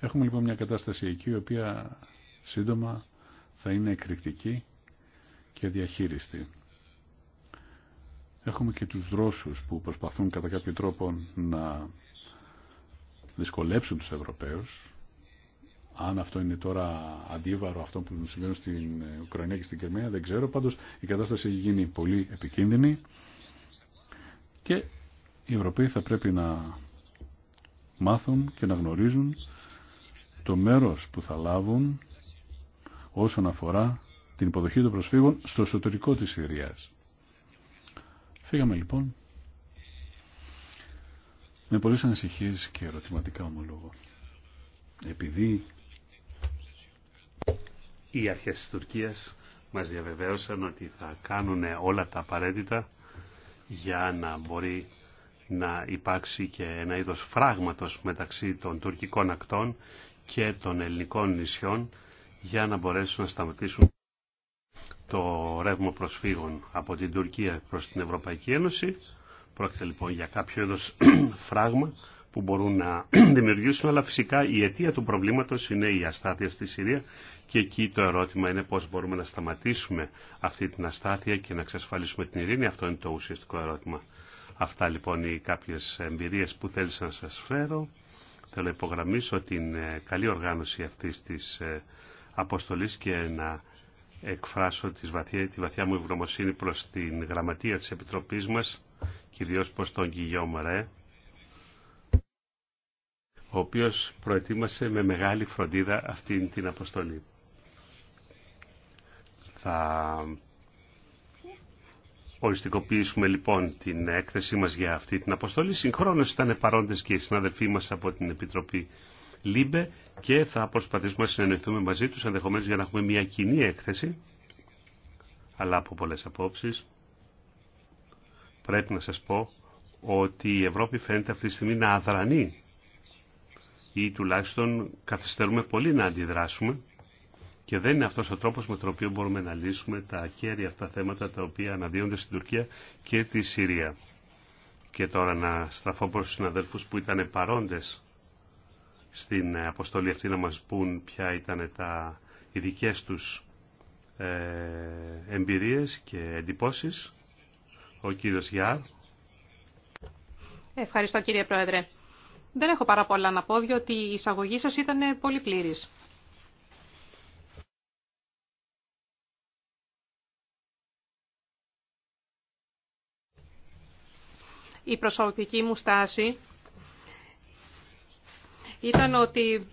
Έχουμε λοιπόν μια κατάσταση εκεί η οποία σύντομα θα είναι εκρηκτική και διαχείριστη. Έχουμε και τους δρόσους που προσπαθούν κατά κάποιο τρόπο να δυσκολέψουν τους Ευρωπαίους αν αυτό είναι τώρα αντίβαρο αυτό που συμβαίνει στην ε, Ουκρανία και στην Κερμαία δεν ξέρω. Πάντως η κατάσταση έχει γίνει πολύ επικίνδυνη και οι Ευρωπαίοι θα πρέπει να μάθουν και να γνωρίζουν το μέρος που θα λάβουν όσον αφορά την υποδοχή των προσφύγων στο εσωτερικό της Συρίας. Φύγαμε λοιπόν με πολλές ανησυχίες και ερωτηματικά ομολόγω. Επειδή οι αρχές της Τουρκίας μας διαβεβαίωσαν ότι θα κάνουν όλα τα απαραίτητα για να μπορεί να υπάρξει και ένα είδος φράγματος μεταξύ των τουρκικών ακτών και των ελληνικών νησιών για να μπορέσουν να σταματήσουν το ρεύμα προσφύγων από την Τουρκία προς την Ευρωπαϊκή Ένωση. Πρόκειται λοιπόν για κάποιο είδος φράγμα που μπορούν να δημιουργήσουν, αλλά φυσικά η αιτία του προβλήματος είναι η αστάθεια στη Συρία και εκεί το ερώτημα είναι πώς μπορούμε να σταματήσουμε αυτή την αστάθεια και να εξασφαλίσουμε την ειρήνη. Αυτό είναι το ουσιαστικό ερώτημα. Αυτά λοιπόν οι κάποιες εμπειρίες που θέλησα να σας φέρω. Θέλω να υπογραμμίσω την ε, καλή οργάνωση αυτής της ε, αποστολής και να εκφράσω τη βαθιά, τη βαθιά μου ευγνωμοσύνη προς την γραμματεία της Επιτροπής μας, κυρίως προς τον κ. Μαρέ, ο οποίος προετοίμασε με μεγάλη φροντίδα αυτή την αποστολή. Θα οριστικοποιήσουμε λοιπόν την έκθεσή μας για αυτή την αποστολή. Συγχρόνως ήταν παρόντες και οι συναδελφοί μας από την Επιτροπή ΛΥΜΠΕ και θα προσπαθήσουμε να συνεννοηθούμε μαζί τους ενδεχομένως για να έχουμε μια κοινή έκθεση αλλά από πολλές απόψεις πρέπει να σας πω ότι η Ευρώπη φαίνεται αυτή τη στιγμή να αδρανεί ή τουλάχιστον καθυστερούμε πολύ να αντιδράσουμε και δεν είναι αυτός ο τρόπος με τον οποίο μπορούμε να λύσουμε τα κέρια αυτά θέματα τα οποία αναδύονται στην Τουρκία και τη Συρία. Και τώρα να στραφώ προς τους συναδέλφους που ήταν παρόντες στην αποστολή αυτή να μας πούν ποια ήταν τα, ειδικέ τους ε, εμπειρίες και εντυπώσεις. Ο κύριος Γιάρ. Ευχαριστώ κύριε Πρόεδρε. Δεν έχω πάρα πολλά να πω, διότι η εισαγωγή σας ήταν πολύ πλήρης. Η προσωπική μου στάση ήταν ότι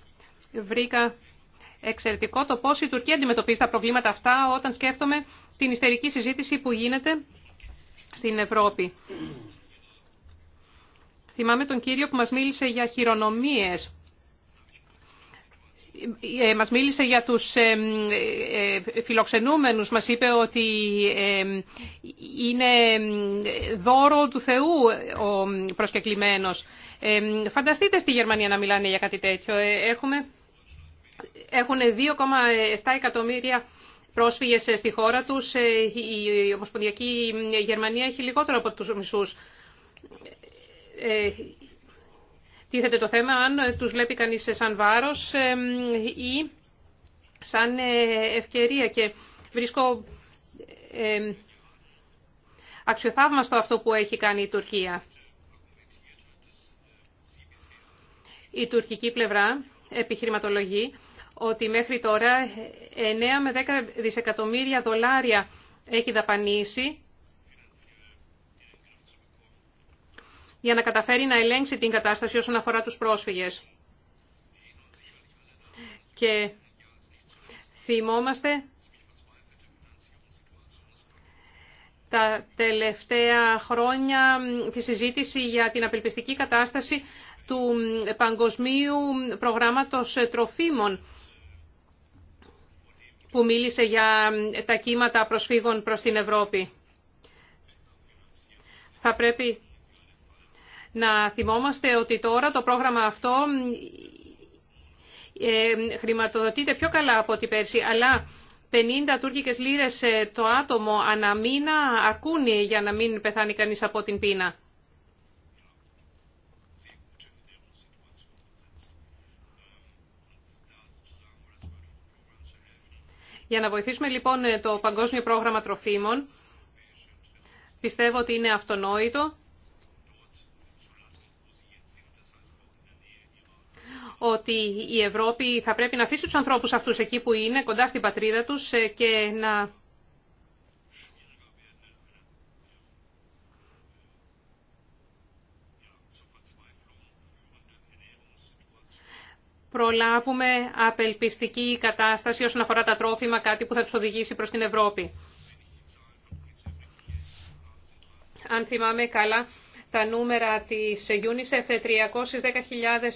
βρήκα εξαιρετικό το πώς η Τουρκία αντιμετωπίζει τα προβλήματα αυτά όταν σκέφτομαι την ιστερική συζήτηση που γίνεται στην Ευρώπη. Θυμάμαι τον κύριο που μας μίλησε για χειρονομίες. Ε, μας μίλησε για τους ε, ε, φιλοξενούμενους. Μας είπε ότι είναι δώρο του Θεού ο προσκεκλημένος. Φανταστείτε στη Γερμανία να μιλάνε για κάτι τέτοιο. Έχουμε, έχουν 2,7 εκατομμύρια πρόσφυγες στη χώρα τους. Η Ομοσπονδιακή Γερμανία έχει λιγότερο από τους μισούς. Ε, τίθεται το θέμα αν τους βλέπει κανείς σαν βάρος ε, ή σαν ε, ευκαιρία και βρίσκω αξιοθαύμαστο αυτό που έχει κάνει η Τουρκία. Η τουρκική πλευρά επιχειρηματολογεί ότι μέχρι τώρα 9 με 10 δισεκατομμύρια δολάρια έχει δαπανίσει για να καταφέρει να ελέγξει την κατάσταση όσον αφορά τους πρόσφυγες. Και θυμόμαστε τα τελευταία χρόνια τη συζήτηση για την απελπιστική κατάσταση του Παγκοσμίου Προγράμματος Τροφίμων που μίλησε για τα κύματα προσφύγων προς την Ευρώπη. Θα πρέπει να θυμόμαστε ότι τώρα το πρόγραμμα αυτό ε, χρηματοδοτείται πιο καλά από ό,τι πέρσι, αλλά 50 τουρκικές λίρες ε, το άτομο αναμίνα μήνα αρκούν για να μην πεθάνει κανείς από την πείνα. Για να βοηθήσουμε λοιπόν το Παγκόσμιο Πρόγραμμα Τροφίμων, πιστεύω ότι είναι αυτονόητο ότι η Ευρώπη θα πρέπει να αφήσει τους ανθρώπους αυτούς εκεί που είναι, κοντά στην πατρίδα τους ε, και να... προλάβουμε απελπιστική κατάσταση όσον αφορά τα τρόφιμα, κάτι που θα τους οδηγήσει προς την Ευρώπη. Αν θυμάμαι καλά, τα νούμερα της UNICEF, 310.000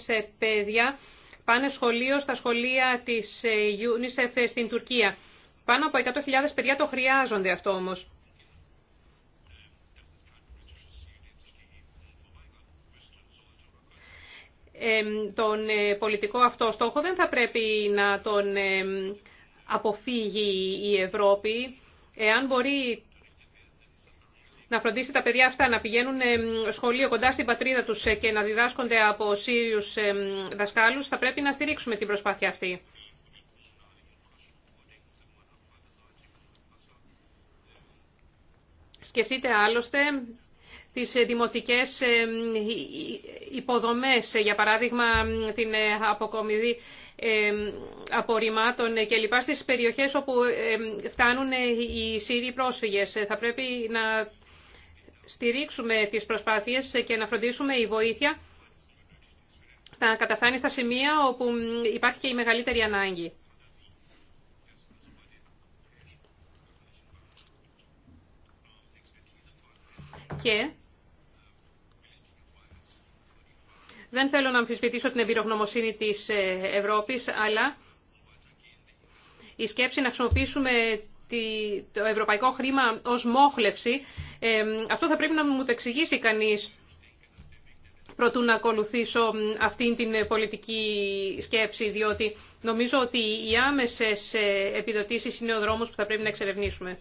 ε, παιδιά πάνε σχολείο στα σχολεία της ε, UNICEF ε, στην Τουρκία. Πάνω από 100.000 παιδιά το χρειάζονται αυτό όμως. τον πολιτικό αυτό στόχο δεν θα πρέπει να τον αποφύγει η Ευρώπη. Εάν μπορεί να φροντίσει τα παιδιά αυτά να πηγαίνουν σχολείο κοντά στην πατρίδα τους ε, και να διδάσκονται από Σύριους δασκάλους, θα πρέπει να στηρίξουμε την προσπάθεια αυτή. Σκεφτείτε άλλωστε τις ε, δημοτικές υποδομές, ε, για παράδειγμα την αποκομιδή απορριμμάτων και λοιπά στις περιοχές όπου φτάνουν οι Σύριοι πρόσφυγες. Θα πρέπει να στηρίξουμε τις προσπάθειες και να φροντίσουμε η βοήθεια να καταφτάνει στα σημεία όπου υπάρχει και η μεγαλύτερη ανάγκη. Και δεν θέλω να αμφισβητήσω την εμπειρογνωμοσύνη της ε, Ευρώπης, αλλά η σκέψη να χρησιμοποιήσουμε το ευρωπαϊκό χρήμα ως μόχλευση αυτό θα πρέπει να μου το εξηγήσει κανείς προτού να ακολουθήσω αυτήν την πολιτική σκέψη, διότι νομίζω ότι οι άμεσες ε, επιδοτήσεις είναι ο δρόμος που θα πρέπει να εξερευνήσουμε.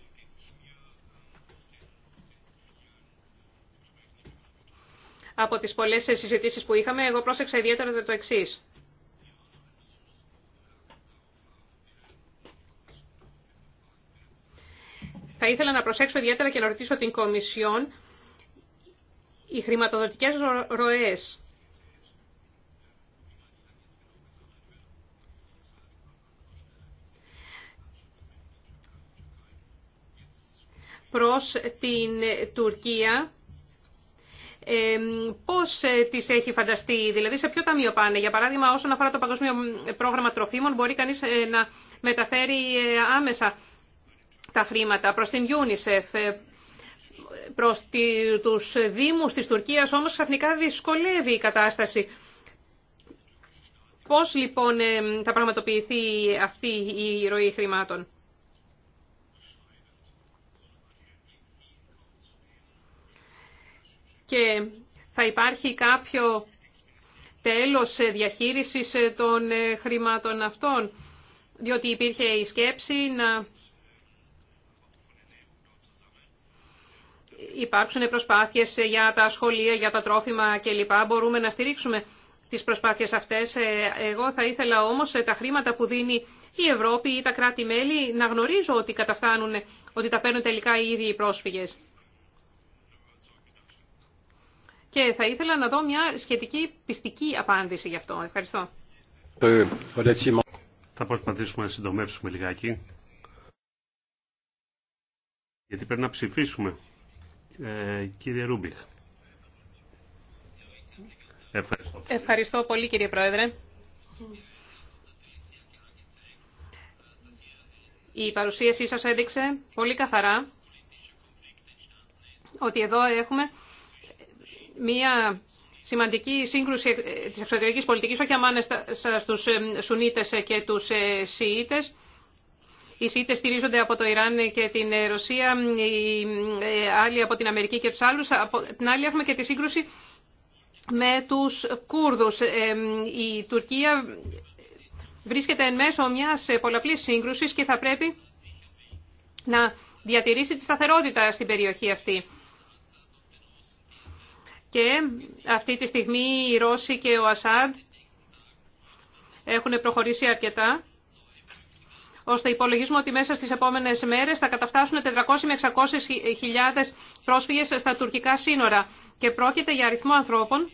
Από τις πολλές ε, συζητήσεις που είχαμε, εγώ πρόσεξα ιδιαίτερα το εξής. θα ήθελα να προσέξω ιδιαίτερα και να ρωτήσω την Κομισιόν οι χρηματοδοτικές ροές. προς την Τουρκία ε, Πώ τις έχει φανταστεί, δηλαδή σε ποιο ταμείο πάνε. Για παράδειγμα, όσον αφορά το Παγκόσμιο Πρόγραμμα Τροφίμων, μπορεί κανεί ε, να μεταφέρει ε, άμεσα τα χρήματα προς την UNICEF, ε, προς τους Δήμους της Τουρκίας, όμως ξαφνικά δυσκολεύει η κατάσταση. Πώς λοιπόν ε, θα πραγματοποιηθεί αυτή η ροή χρημάτων. Και θα υπάρχει κάποιο τέλος διαχείρισης ε, των χρημάτων αυτών, διότι υπήρχε η σκέψη να Υπάρχουν προσπάθειες για τα σχολεία, για τα τρόφιμα κλπ. Μπορούμε να στηρίξουμε τις προσπάθειες αυτές. Ε, εγώ θα ήθελα όμως ε, τα χρήματα που δίνει η Ευρώπη ή τα κράτη-μέλη να γνωρίζω ότι καταφτάνουν, ε, ότι τα παίρνουν τελικά οι ίδιοι οι πρόσφυγες. Και θα ήθελα να δω μια σχετική πιστική απάντηση γι' αυτό. Ευχαριστώ. Θα προσπαθήσουμε να συντομεύσουμε λιγάκι. Γιατί πρέπει να ψηφίσουμε. Ε, κύριε Ρούμπιχ. Ευχαριστώ. πολύ κύριε Πρόεδρε. Η παρουσίασή σας έδειξε πολύ καθαρά ότι εδώ έχουμε μία σημαντική σύγκρουση της εξωτερικής πολιτικής, όχι αμάνεστα στους Σουνίτες και τους ε, Σιήτες, οι ΣΥΤΕ στηρίζονται από το Ιράν και την ε, Ρωσία, οι ε, άλλοι από την Αμερική και του άλλους. Από την άλλη έχουμε και τη σύγκρουση με τους Κούρδους. Ε, η Τουρκία βρίσκεται εν μέσω μιας πολλαπλής σύγκρουσης και θα πρέπει να διατηρήσει τη σταθερότητα στην περιοχή αυτή. Και αυτή τη στιγμή οι Ρώσοι και ο Ασάντ έχουν προχωρήσει αρκετά ώστε υπολογίζουμε ότι μέσα στις επόμενες μέρες θα καταφτάσουν 400 με 600 χιλιάδες πρόσφυγες στα τουρκικά σύνορα και πρόκειται για αριθμό ανθρώπων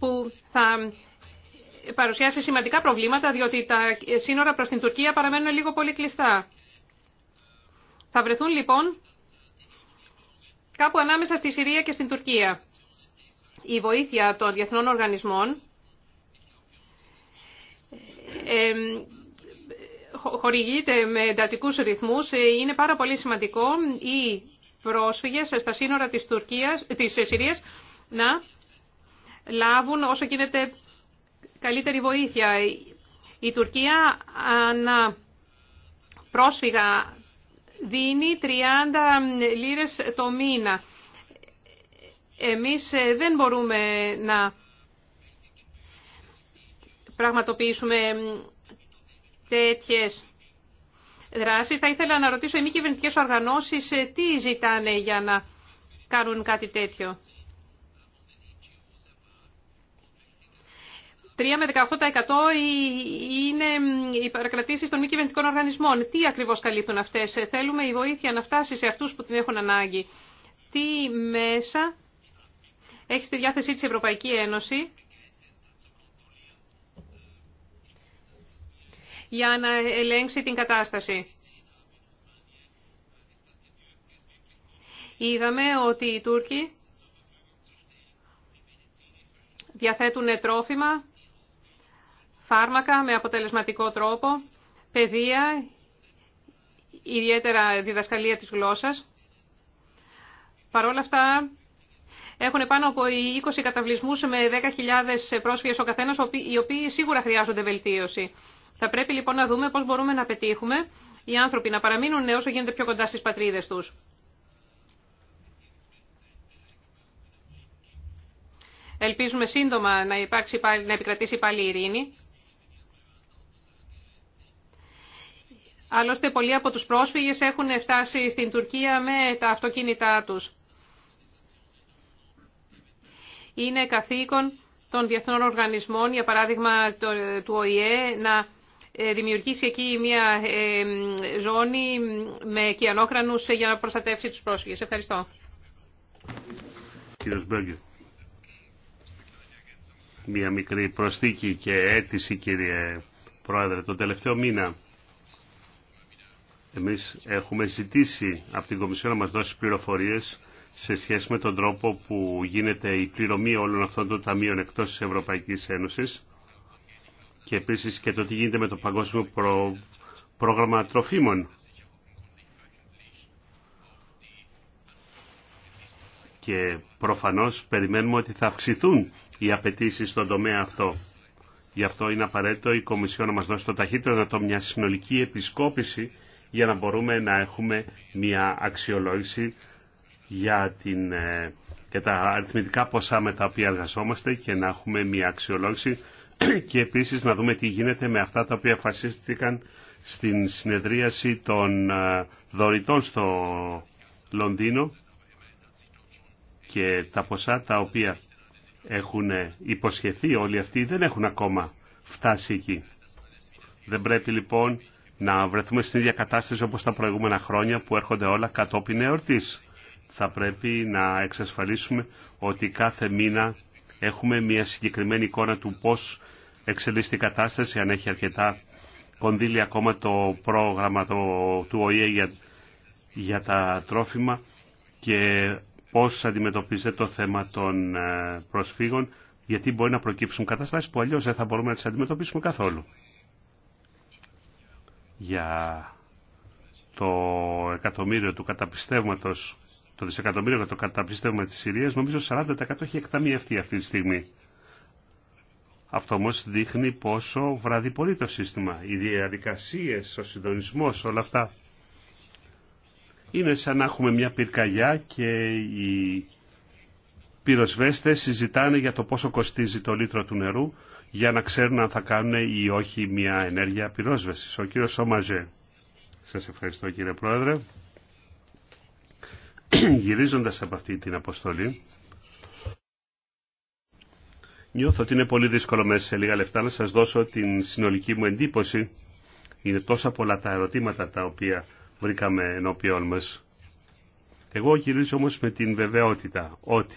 που θα παρουσιάσει σημαντικά προβλήματα, διότι τα σύνορα προς την Τουρκία παραμένουν λίγο πολύ κλειστά. Θα βρεθούν λοιπόν κάπου ανάμεσα στη Συρία και στην Τουρκία. Η βοήθεια των διεθνών οργανισμών χορηγείται με εντατικούς ρυθμούς. Ε, είναι πάρα πολύ σημαντικό οι πρόσφυγες στα σύνορα της, Τουρκίας, της Συρίας να λάβουν όσο γίνεται καλύτερη βοήθεια. Η Τουρκία ανα πρόσφυγα δίνει 30 λίρες το μήνα. Εμείς ε, δεν μπορούμε να πραγματοποιήσουμε τέτοιες δράσεις. Θα ήθελα να ρωτήσω οι μη κυβερνητικέ οργανώσεις ε, τι ζητάνε για να κάνουν κάτι τέτοιο. 3 με 18% είναι οι παρακρατήσει των μη κυβερνητικών οργανισμών. Τι ακριβώ καλύπτουν αυτέ. Θέλουμε η βοήθεια να φτάσει σε αυτού που την έχουν ανάγκη. Τι μέσα έχει στη διάθεσή τη Ευρωπαϊκή Ένωση για να ελέγξει την κατάσταση. Είδαμε ότι οι Τούρκοι διαθέτουν τρόφιμα, φάρμακα με αποτελεσματικό τρόπο, παιδεία, ιδιαίτερα διδασκαλία της γλώσσας. Παρ' όλα αυτά έχουν πάνω από 20 καταβλισμούς με 10.000 πρόσφυγες ο καθένας, οι οποίοι σίγουρα χρειάζονται βελτίωση. Θα πρέπει λοιπόν να δούμε πώς μπορούμε να πετύχουμε οι άνθρωποι να παραμείνουν όσο γίνεται πιο κοντά στις πατρίδες τους. Ελπίζουμε σύντομα να, υπάρξει, να επικρατήσει πάλι η ειρήνη. Άλλωστε πολλοί από τους πρόσφυγες έχουν φτάσει στην Τουρκία με τα αυτοκίνητά τους. Είναι καθήκον των διεθνών οργανισμών, για παράδειγμα του ΟΗΕ, να ε, δημιουργήσει εκεί μια ε, ζώνη με κιανόκρανους για να προστατεύσει τους πρόσφυγες. Ευχαριστώ. Κύριος Μπέργκερ. Μια μικρή προσθήκη και αίτηση κύριε Πρόεδρε. Το τελευταίο μήνα εμείς έχουμε ζητήσει από την Κομισιό να μας δώσει πληροφορίες σε σχέση με τον τρόπο που γίνεται η πληρωμή όλων αυτών των ταμείων εκτός της Ευρωπαϊκής Ένωσης και επίσης και το τι γίνεται με το παγκόσμιο προ... πρόγραμμα τροφίμων. Και προφανώς περιμένουμε ότι θα αυξηθούν οι απαιτήσει στον τομέα αυτό. Γι' αυτό είναι απαραίτητο η Κομισιόν να μας δώσει το ταχύτερο να το μια συνολική επισκόπηση για να μπορούμε να έχουμε μια αξιολόγηση για την ε, και τα αριθμητικά ποσά με τα οποία εργαζόμαστε και να έχουμε μια αξιολόγηση και επίσης να δούμε τι γίνεται με αυτά τα οποία φασίστηκαν στην συνεδρίαση των ε, δωρητών στο Λονδίνο και τα ποσά τα οποία έχουν υποσχεθεί όλοι αυτοί δεν έχουν ακόμα φτάσει εκεί. Δεν πρέπει λοιπόν να βρεθούμε στην ίδια κατάσταση όπως τα προηγούμενα χρόνια που έρχονται όλα κατόπιν εορτής θα πρέπει να εξασφαλίσουμε ότι κάθε μήνα έχουμε μια συγκεκριμένη εικόνα του πώς εξελίσσεται η κατάσταση, αν έχει αρκετά κονδύλια ακόμα το πρόγραμμα του ΟΗΕ για, για τα τρόφιμα και πώς αντιμετωπίζεται το θέμα των ε, προσφύγων, γιατί μπορεί να προκύψουν καταστάσεις που αλλιώς δεν θα μπορούμε να τις αντιμετωπίσουμε καθόλου. Για το εκατομμύριο του καταπιστεύματος το δισεκατομμύριο για το καταπίστευμα της Συρίας, νομίζω 40% έχει εκταμιευτεί αυτή τη στιγμή. Αυτό όμως δείχνει πόσο βραδιπορεί το σύστημα. Οι διαδικασίες, ο συντονισμός, όλα αυτά. Είναι σαν να έχουμε μια πυρκαγιά και οι πυροσβέστες συζητάνε για το πόσο κοστίζει το λίτρο του νερού για να ξέρουν αν θα κάνουν ή όχι μια ενέργεια πυρόσβεσης. Ο κύριος Σομαζέ. Σας ευχαριστώ κύριε Πρόεδρε. γυρίζοντας από αυτή την αποστολή, νιώθω ότι είναι πολύ δύσκολο μέσα σε λίγα λεφτά να σας δώσω την συνολική μου εντύπωση. Είναι τόσα πολλά τα ερωτήματα τα οποία βρήκαμε ενώπιόν μας. Εγώ γυρίζω όμως με την βεβαιότητα ότι,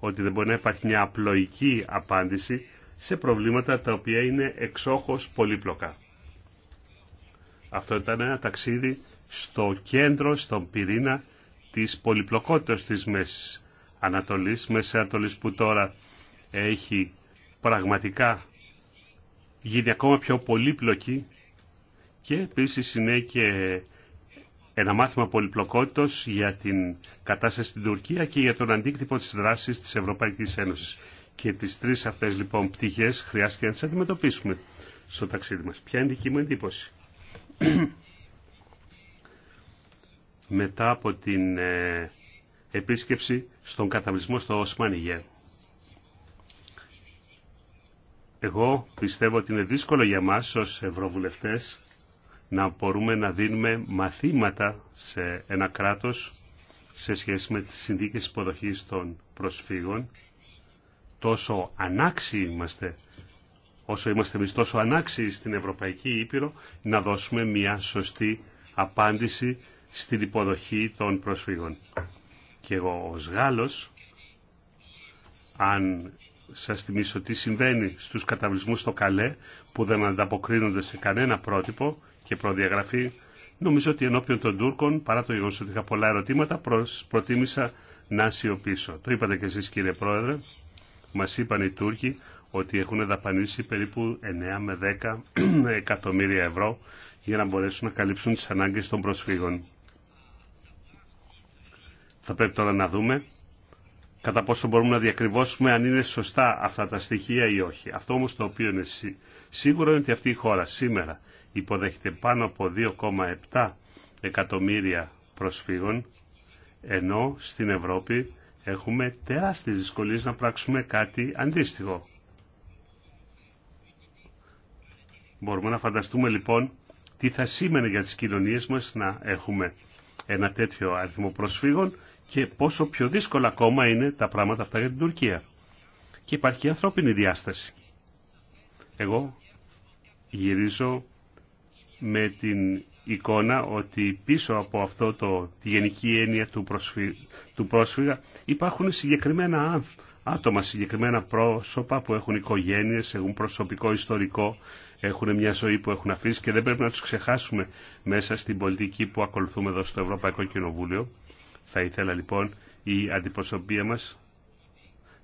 ότι δεν μπορεί να υπάρχει μια απλοϊκή απάντηση σε προβλήματα τα οποία είναι εξόχως πολύπλοκα. Αυτό ήταν ένα ταξίδι στο κέντρο, στον πυρήνα της πολυπλοκότητας της Μέσης Ανατολής, Μέση Ανατολής που τώρα έχει πραγματικά γίνει ακόμα πιο πολύπλοκη και επίσης είναι και ένα μάθημα πολυπλοκότητος για την κατάσταση στην Τουρκία και για τον αντίκτυπο της δράσης της Ευρωπαϊκής Ένωσης. Και τις τρεις αυτές λοιπόν πτυχές χρειάστηκε να τις αντιμετωπίσουμε στο ταξίδι μας. Ποια είναι δική μου εντύπωση μετά από την ε, επίσκεψη στον καταβλισμό στο Οσμανιγέ. Εγώ πιστεύω ότι είναι δύσκολο για μας ως ευρωβουλευτές να μπορούμε να δίνουμε μαθήματα σε ένα κράτος σε σχέση με τις συνδίκες υποδοχής των προσφύγων. Τόσο ανάξιοι είμαστε, όσο είμαστε εμείς τόσο ανάξιοι στην Ευρωπαϊκή Ήπειρο, να δώσουμε μια σωστή απάντηση στην υποδοχή των προσφύγων. Και εγώ ως Γάλλος, αν σας θυμίσω τι συμβαίνει στους καταβλισμούς στο Καλέ που δεν ανταποκρίνονται σε κανένα πρότυπο και προδιαγραφή, νομίζω ότι ενώπιον των Τούρκων, παρά το γεγονός ότι είχα πολλά ερωτήματα, προτίμησα να σιωπήσω. Το είπατε και εσείς κύριε Πρόεδρε, μας είπαν οι Τούρκοι ότι έχουν δαπανίσει περίπου 9 με 10 εκατομμύρια ευρώ για να μπορέσουν να καλύψουν τις ανάγκες των προσφύγων. Θα πρέπει τώρα να δούμε κατά πόσο μπορούμε να διακριβώσουμε αν είναι σωστά αυτά τα στοιχεία ή όχι. Αυτό όμως το οποίο είναι σίγουρο είναι ότι αυτή η χώρα σήμερα υποδέχεται πάνω από 2,7 εκατομμύρια προσφύγων, ενώ στην Ευρώπη έχουμε τεράστιες δυσκολίες να πράξουμε κάτι αντίστοιχο. Μπορούμε να φανταστούμε λοιπόν τι θα σήμαινε για τις κοινωνίες μας να έχουμε ένα τέτοιο αριθμό προσφύγων και πόσο πιο δύσκολα ακόμα είναι τα πράγματα αυτά για την Τουρκία. Και υπάρχει η ανθρώπινη διάσταση. Εγώ γυρίζω με την εικόνα ότι πίσω από αυτό το, τη γενική έννοια του, του πρόσφυγα υπάρχουν συγκεκριμένα άτομα, συγκεκριμένα πρόσωπα που έχουν οικογένειες, έχουν προσωπικό ιστορικό, έχουν μια ζωή που έχουν αφήσει και δεν πρέπει να τους ξεχάσουμε μέσα στην πολιτική που ακολουθούμε εδώ στο Ευρωπαϊκό Κοινοβούλιο. Θα ήθελα λοιπόν η αντιπροσωπεία μας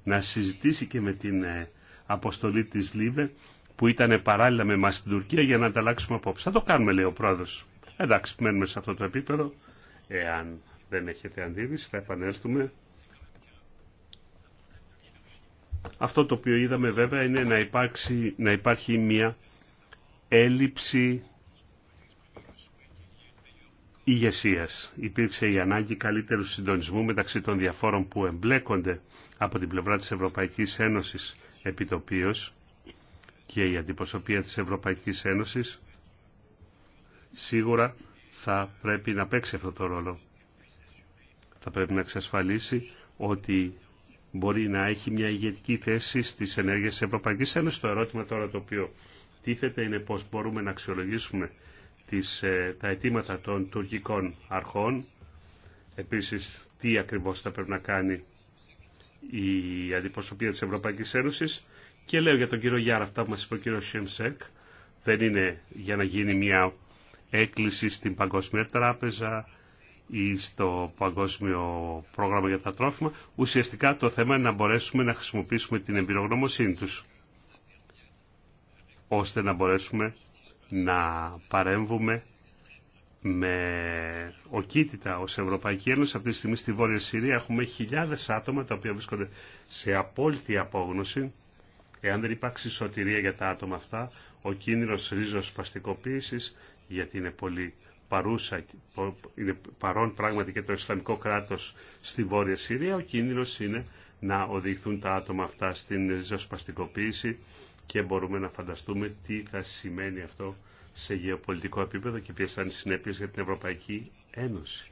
να συζητήσει και με την ε, αποστολή της Λίβε που ήταν παράλληλα με μας στην Τουρκία για να ανταλλάξουμε απόψεις. Θα το κάνουμε λέει ο πρόεδρος. Εντάξει, μένουμε σε αυτό το επίπεδο. Εάν δεν έχετε αντίδυση θα επανέλθουμε. Αυτό το οποίο είδαμε βέβαια είναι να, υπάρξει, να υπάρχει μια έλλειψη ηγεσία. Υπήρξε η ανάγκη καλύτερου συντονισμού μεταξύ των διαφόρων που εμπλέκονται από την πλευρά της Ευρωπαϊκής Ένωσης επιτοπίως και η αντιπροσωπεία της Ευρωπαϊκής Ένωσης σίγουρα θα πρέπει να παίξει αυτό το ρόλο. Θα πρέπει να εξασφαλίσει ότι μπορεί να έχει μια ηγετική θέση στις ενέργειες της Ευρωπαϊκής Ένωσης. Το ερώτημα τώρα το οποίο τίθεται είναι πώς μπορούμε να αξιολογήσουμε τις, ε, τα αιτήματα των τουρκικών αρχών, επίσης τι ακριβώς θα πρέπει να κάνει η αντιπροσωπεία της Ευρωπαϊκής Ένωσης και λέω για τον κύριο Γιάρα αυτά που μας είπε ο κύριος Σιμσεκ δεν είναι για να γίνει μια έκκληση στην Παγκόσμια Τράπεζα ή στο Παγκόσμιο Πρόγραμμα για τα Τρόφιμα. Ουσιαστικά το θέμα είναι να μπορέσουμε να χρησιμοποιήσουμε την εμπειρογνωμοσύνη τους ώστε να μπορέσουμε να παρέμβουμε με οκίτητα ως Ευρωπαϊκή Ένωση. Αυτή τη στιγμή στη Βόρεια Συρία έχουμε χιλιάδες άτομα τα οποία βρίσκονται σε απόλυτη απόγνωση. Εάν δεν υπάρξει σωτηρία για τα άτομα αυτά, ο κίνδυνος ρίζος παστικοποίησης, γιατί είναι πολύ παρούσα, είναι παρόν πράγματι και το Ισλαμικό κράτος στη Βόρεια Συρία, ο κίνδυνος είναι να οδηγηθούν τα άτομα αυτά στην ριζοσπαστικοποίηση και μπορούμε να φανταστούμε τι θα σημαίνει αυτό σε γεωπολιτικό επίπεδο και ποιες θα είναι οι συνέπειες για την Ευρωπαϊκή Ένωση.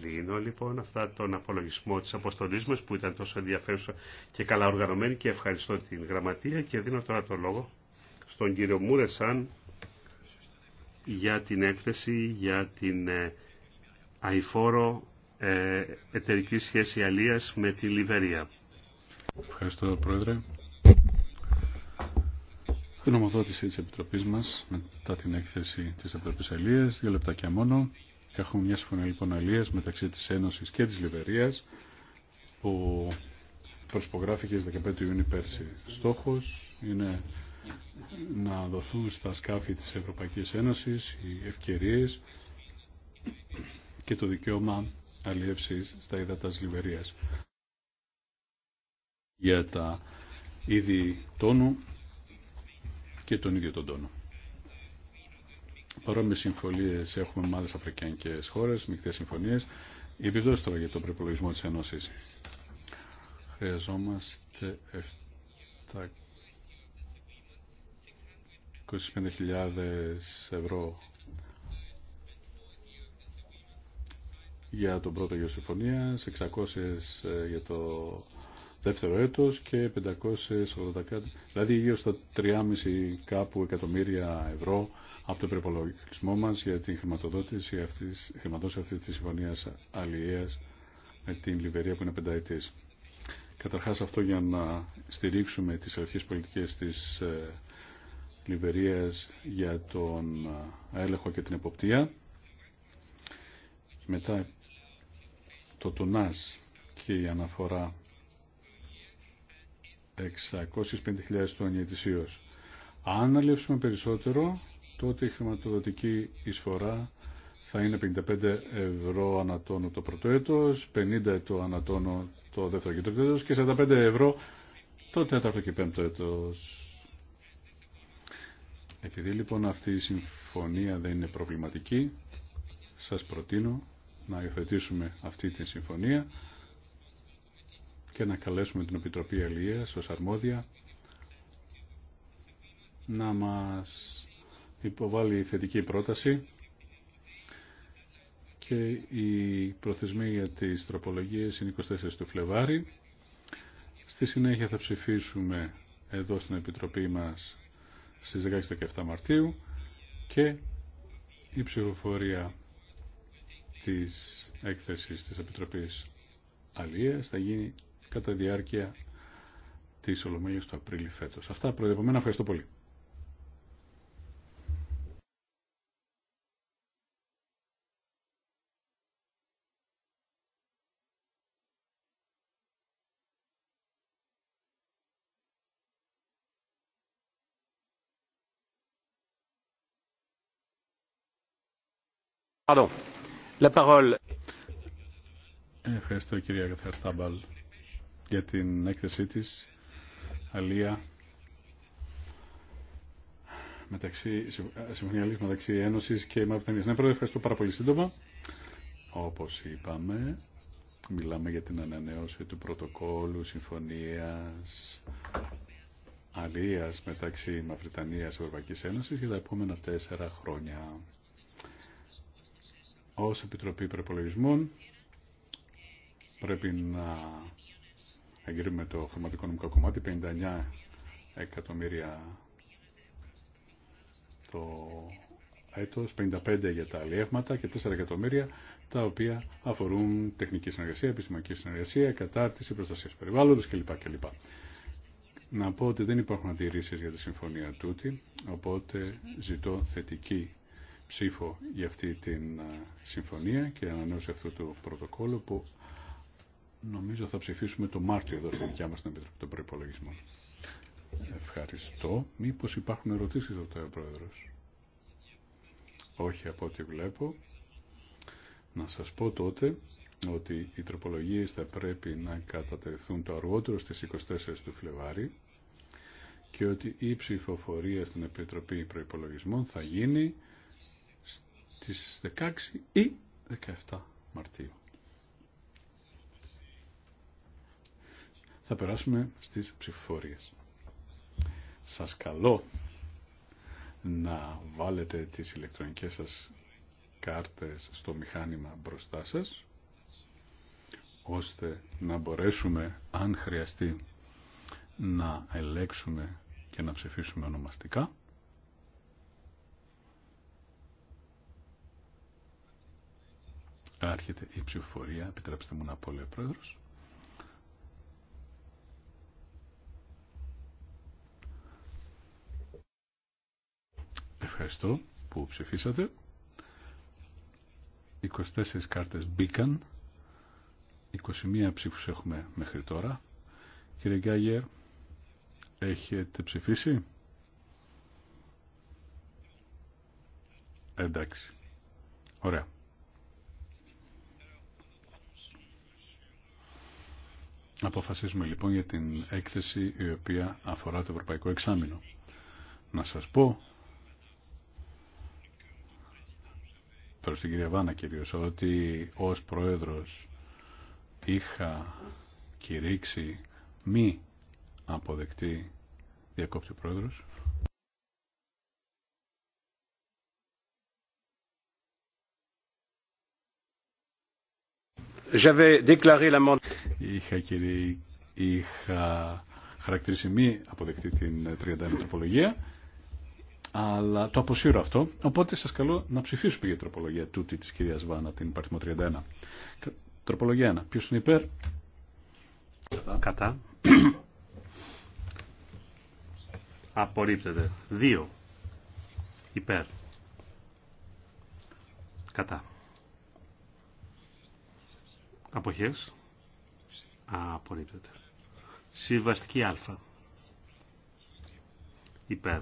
Κλείνω λοιπόν αυτά τον απολογισμό της αποστολής μας που ήταν τόσο ενδιαφέρουσα και καλά οργανωμένη και ευχαριστώ την γραμματεία και δίνω τώρα το λόγο στον κύριο Μούρεσαν για την έκθεση για την ε, αηφόρο ε, εταιρική σχέση αλίας με τη Λιβερία. Ευχαριστώ Πρόεδρε. Η ομοδότηση της Επιτροπής μας μετά την έκθεση της Επιτροπής Αλίας, δύο λεπτάκια μόνο. Έχουμε μια συμφωνία λοιπόν αλίας μεταξύ της Ένωσης και της Λιβερίας που προσπογράφηκε στις 15 Ιούνιου πέρσι. Στόχος είναι να δοθούν στα σκάφη της Ευρωπαϊκής Ένωσης οι ευκαιρίες και το δικαίωμα αλλιεύσης στα ύδατα της Λιβερίας. Για τα είδη τόνου και τον ίδιο τον τόνο. Παρόμοιε συμφωνίε έχουμε με άλλε Αφρικανικέ χώρε, μεικτέ συμφωνίε. Η επιδόση τώρα για τον προπολογισμό τη Ένωση. Χρειαζόμαστε 25.000 ευρώ για τον πρώτο γεωσυμφωνία, 600 για το δεύτερο έτος και 580 δηλαδή γύρω στα 3,5 κάπου εκατομμύρια ευρώ από τον προπολογισμό μας για τη χρηματοδότηση αυτής, χρηματοδότηση αυτής της συμφωνίας αλληλείας με την Λιβερία που είναι πενταετής. Καταρχάς αυτό για να στηρίξουμε τις αρχές πολιτικές της ε, Λιβερίας για τον ε, έλεγχο και την εποπτεία. Μετά το τονάς και η αναφορά 650.000 του ετησίως. Αν αλεύσουμε περισσότερο, τότε η χρηματοδοτική εισφορά θα είναι 55 ευρώ ανατόνο το πρώτο έτος, 50 το ανατόνο το δεύτερο και τρίτο έτος και 45 ευρώ το τέταρτο και πέμπτο έτος. Επειδή λοιπόν αυτή η συμφωνία δεν είναι προβληματική, σας προτείνω να υιοθετήσουμε αυτή τη συμφωνία και να καλέσουμε την Επιτροπή Αλίας ως αρμόδια να μας υποβάλει θετική πρόταση και οι προθεσμοί για τις τροπολογίες είναι 24 του Φλεβάρη. Στη συνέχεια θα ψηφίσουμε εδώ στην Επιτροπή μας στις 16-17 Μαρτίου και η ψηφοφορία της έκθεσης της Επιτροπής Αλίας θα γίνει κατά διάρκεια της Ολομέλειας του Απρίλη φέτος. Αυτά προεδρευομένα. Ευχαριστώ πολύ. Pardon. La parole. Ευχαριστώ κυρία Καθαρτάμπαλ για την έκθεσή της Αλία μεταξύ, συμφωνία Λύσης μεταξύ Ένωσης και Μαυρτανίας. Ναι, πρόεδρε, ευχαριστώ πάρα πολύ σύντομα. Όπως είπαμε, μιλάμε για την ανανέωση του πρωτοκόλου συμφωνίας αλίας μεταξύ Μαυριτανίας και Ευρωπαϊκής Ένωσης για τα επόμενα τέσσερα χρόνια. Ως Επιτροπή Προπολογισμών πρέπει να εγκρίνουμε το χρηματοοικονομικό κομμάτι, 59 εκατομμύρια το έτος, 55 για τα αλλιεύματα και 4 εκατομμύρια τα οποία αφορούν τεχνική συνεργασία, επιστημονική συνεργασία, κατάρτιση, προστασία περιβάλλοντος κλπ. κλπ. Να πω ότι δεν υπάρχουν αντιρρήσεις για τη συμφωνία τούτη, οπότε ζητώ θετική ψήφο για αυτή την ε, συμφωνία και ανανέωση αυτού του πρωτοκόλλου που Νομίζω θα ψηφίσουμε το Μάρτιο εδώ στη δικιά μας την Επιτροπή των Προϋπολογισμών. Ευχαριστώ. Μήπως υπάρχουν ερωτήσεις, ρωτάει το Πρόεδρος. Όχι από ό,τι βλέπω. Να σας πω τότε ότι οι τροπολογίες θα πρέπει να κατατεθούν το αργότερο στις 24 του Φλεβάρι και ότι η ψηφοφορία στην Επιτροπή Προϋπολογισμών θα γίνει στις 16 ή 17 Μαρτίου. θα περάσουμε στις ψηφοφορίες. Σας καλώ να βάλετε τις ηλεκτρονικές σας κάρτες στο μηχάνημα μπροστά σας, ώστε να μπορέσουμε, αν χρειαστεί, να ελέξουμε και να ψηφίσουμε ονομαστικά. Άρχεται η ψηφοφορία, επιτρέψτε μου να πω, λέει ο Πρόεδρος. Ευχαριστώ που ψηφίσατε. 24 κάρτες μπήκαν. 21 ψήφους έχουμε μέχρι τώρα. Κύριε Γκάγερ, έχετε ψηφίσει. Εντάξει. Ωραία. Αποφασίζουμε λοιπόν για την έκθεση η οποία αφορά το Ευρωπαϊκό Εξάμεινο. Να σας πω προς την κυρία Βάνα κυρίως, ότι ως Πρόεδρος είχα κηρύξει μη αποδεκτή διακόπτη ο Πρόεδρος. Είχα, κύριε, είχα χαρακτηρίσει μη αποδεκτή την 30 30η τροπολογία αλλά το αποσύρω αυτό. Οπότε σας καλώ να ψηφίσουμε για τροπολογία τούτη της κυρίας Βάνα, την παρθμό 31. Τροπολογία 1. Ποιος είναι υπέρ? Κατά. Απορρίπτεται. Δύο. Υπέρ. Κατά. Αποχές. Απορρίπτεται. Συμβαστική α. Υπέρ.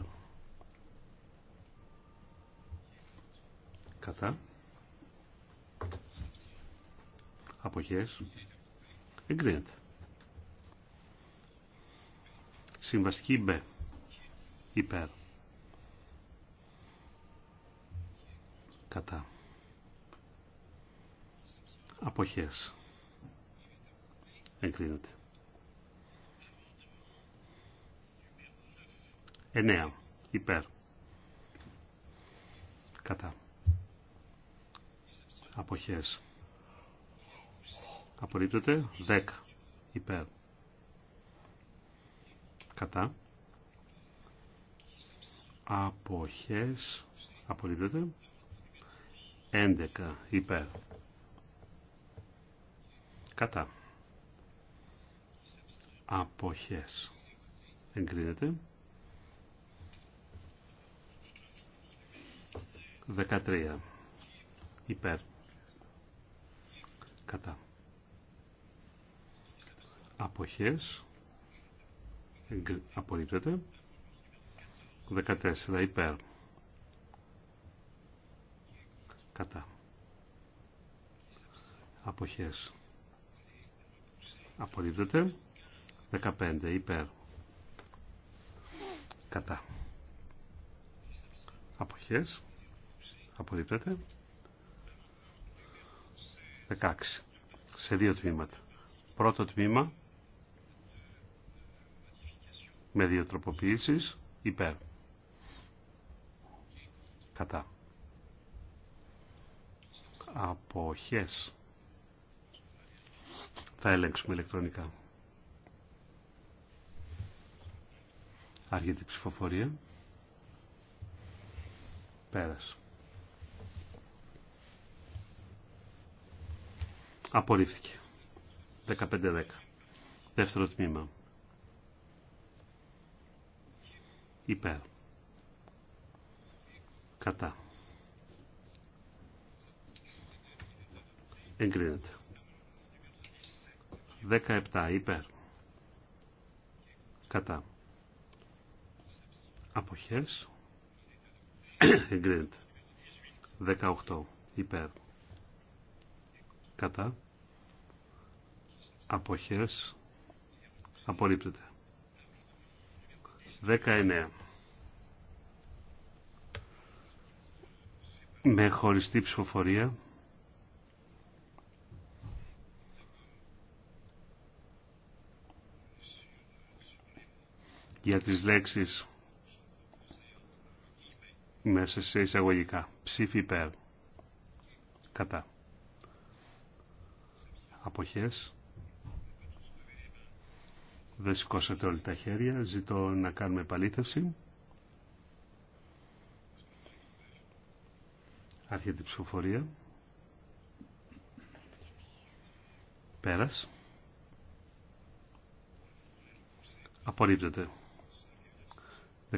κατά αποχές εγκρίνεται. Συμβαστική μπε υπέρ κατά αποχές εγκρίνεται. Εννέα. Υπέρ. Κατά αποχές απορρίπτεται 10 υπέρ κατά αποχές απορρίπτεται 11 υπέρ κατά αποχές εγκρίνεται 13 υπέρ κατά αποχές απορρίπτεται 14 υπέρ κατά αποχές απορρίπτεται 15 υπέρ κατά αποχές απορρίπτεται 16 σε δύο τμήματα. Πρώτο τμήμα με δύο τροποποιήσεις υπέρ. Κατά. Αποχές. Θα ελέγξουμε ηλεκτρονικά. Άρχεται η ψηφοφορία. Πέρασε. Απορρίφθηκε. 15-10. Δεύτερο τμήμα. Υπέρ. Κατά. Εγκρίνεται. 17. Υπέρ. Κατά. Αποχές. Εγκρίνεται. 18. Υπέρ κατά αποχές απορρίπτεται 19 με χωριστή ψηφοφορία για τις λέξεις μέσα σε εισαγωγικά ψήφι υπέρ κατά αποχές. Δεν σηκώσατε όλοι τα χέρια. Ζητώ να κάνουμε επαλήθευση. Άρχεται η ψηφοφορία. Πέρας. Απορρίπτεται.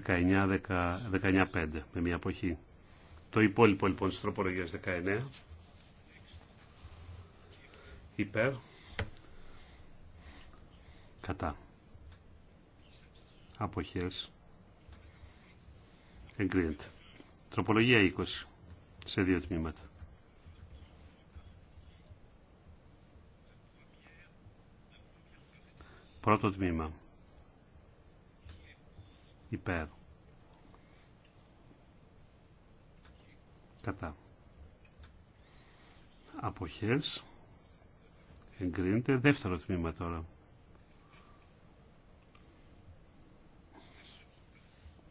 19-5 με μια αποχή. Το υπόλοιπο λοιπόν στις 19 υπέρ κατά αποχές εγκρίνεται τροπολογία 20 σε δύο τμήματα πρώτο τμήμα υπέρ κατά αποχές εγκρίνεται. Δεύτερο τμήμα τώρα.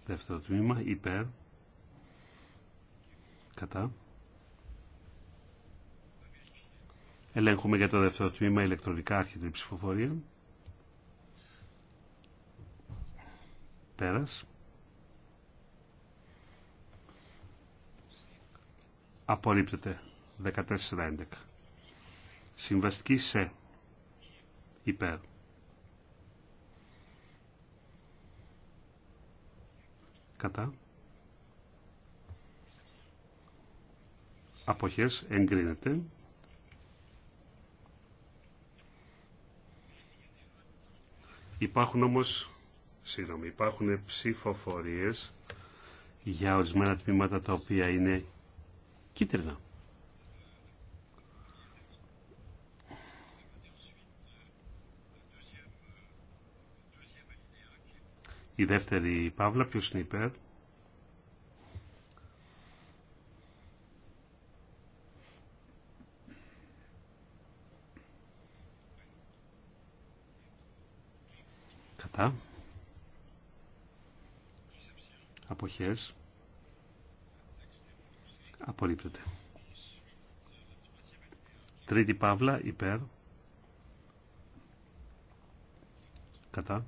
Δεύτερο τμήμα υπέρ. Κατά. Ελέγχουμε για το δεύτερο τμήμα ηλεκτρονικά άρχιτη ψηφοφορία. Πέρας. Απορρίπτεται. 14-11. Συμβαστική σε υπέρ. Κατά. Αποχές εγκρίνεται. Υπάρχουν όμως, συγγνώμη, υπάρχουν ψηφοφορίες για ορισμένα τμήματα τα οποία είναι κίτρινα. Η δεύτερη παύλα, ποιος είναι υπέρ. Κατά. Αποχές. Απορρίπτεται. Τρίτη παύλα, υπέρ. Κατά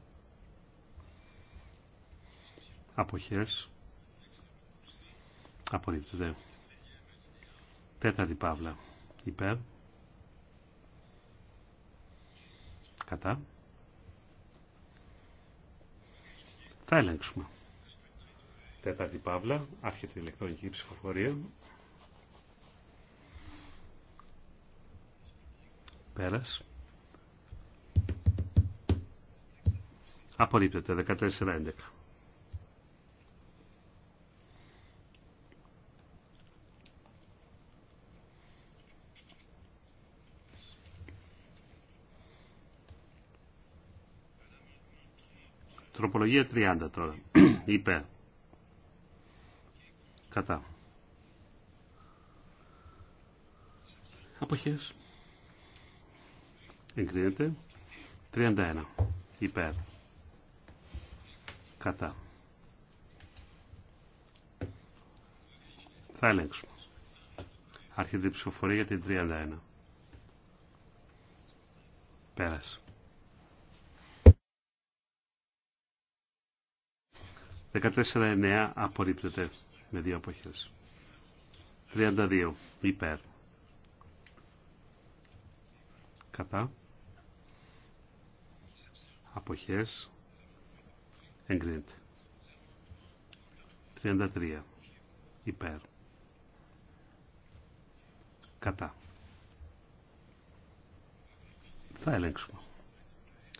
αποχές απορρίπτεται. Τέταρτη παύλα υπέρ κατά θα ελέγξουμε. Τέταρτη παύλα άρχεται η ηλεκτρονική ψηφοφορία πέρας απορρίπτεται 14-11 Απολογία 30 τώρα. Υπέρ. Κατά. Αποχές. Εγκρίνεται. 31. Υπέρ. Κατά. Θα ελέγξουμε. Άρχεται ψηφοφορία για την 31. Πέρασε. 14-9 απορρίπτεται με δύο αποχές. 32 υπέρ. Κατά. Αποχές. Εγκρίνεται. 33 υπέρ. Κατά. Θα ελέγξουμε.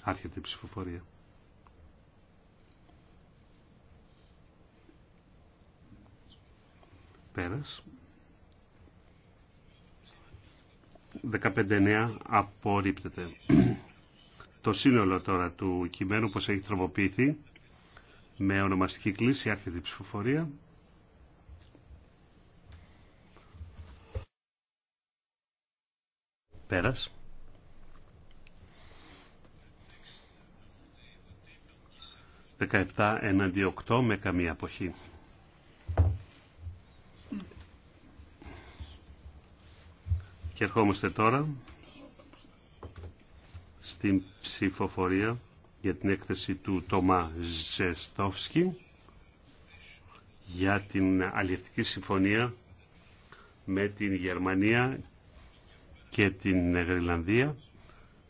Άρχεται η ψηφοφορία. Πέρας. 15-9 απορρίπτεται. Το σύνολο τώρα του κειμένου πως έχει τροποποιηθεί με ονομαστική κλίση άρχεται ψηφοφορία. Πέρας. Δεκαεπτά εναντί οκτώ με καμία αποχή. Και ερχόμαστε τώρα στην ψηφοφορία για την έκθεση του Τωμά Ζεστόφσκι για την αλληλευτική συμφωνία με την Γερμανία και την Γρυλανδία.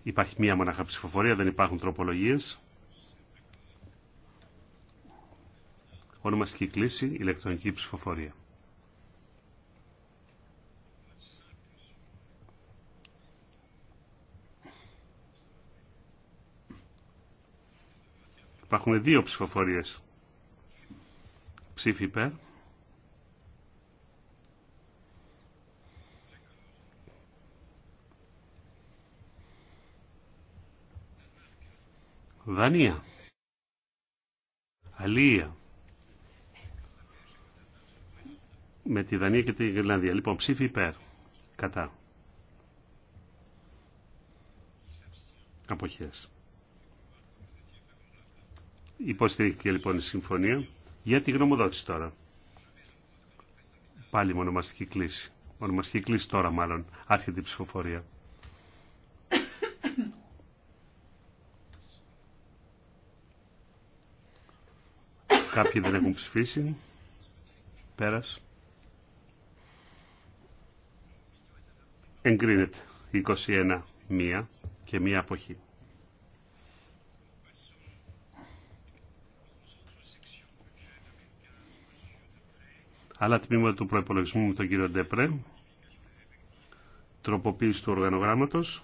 Υπάρχει μία μοναχα ψηφοφορία, δεν υπάρχουν τροπολογίες. Ονομαστική κλίση, ηλεκτρονική ψηφοφορία. Υπάρχουν δύο ψηφοφορίες. Ψήφι υπέρ. Δανία. Αλία. Με τη Δανία και τη Γερλανδία. Λοιπόν, ψήφι υπέρ. Κατά. Αποχές. Υποστηρίχθηκε λοιπόν η συμφωνία για τη γνωμοδότηση τώρα. Πάλι μονομαστική κλίση. Μονομαστική κλίση τώρα μάλλον. Άρχεται η ψηφοφορία. Κάποιοι δεν έχουν ψηφίσει. Πέρας. Εγκρίνεται. 21. Μία και μία αποχή. άλλα τμήματα του προϋπολογισμού με τον κύριο Ντεπρέ, τροποποίηση του οργανογράμματος,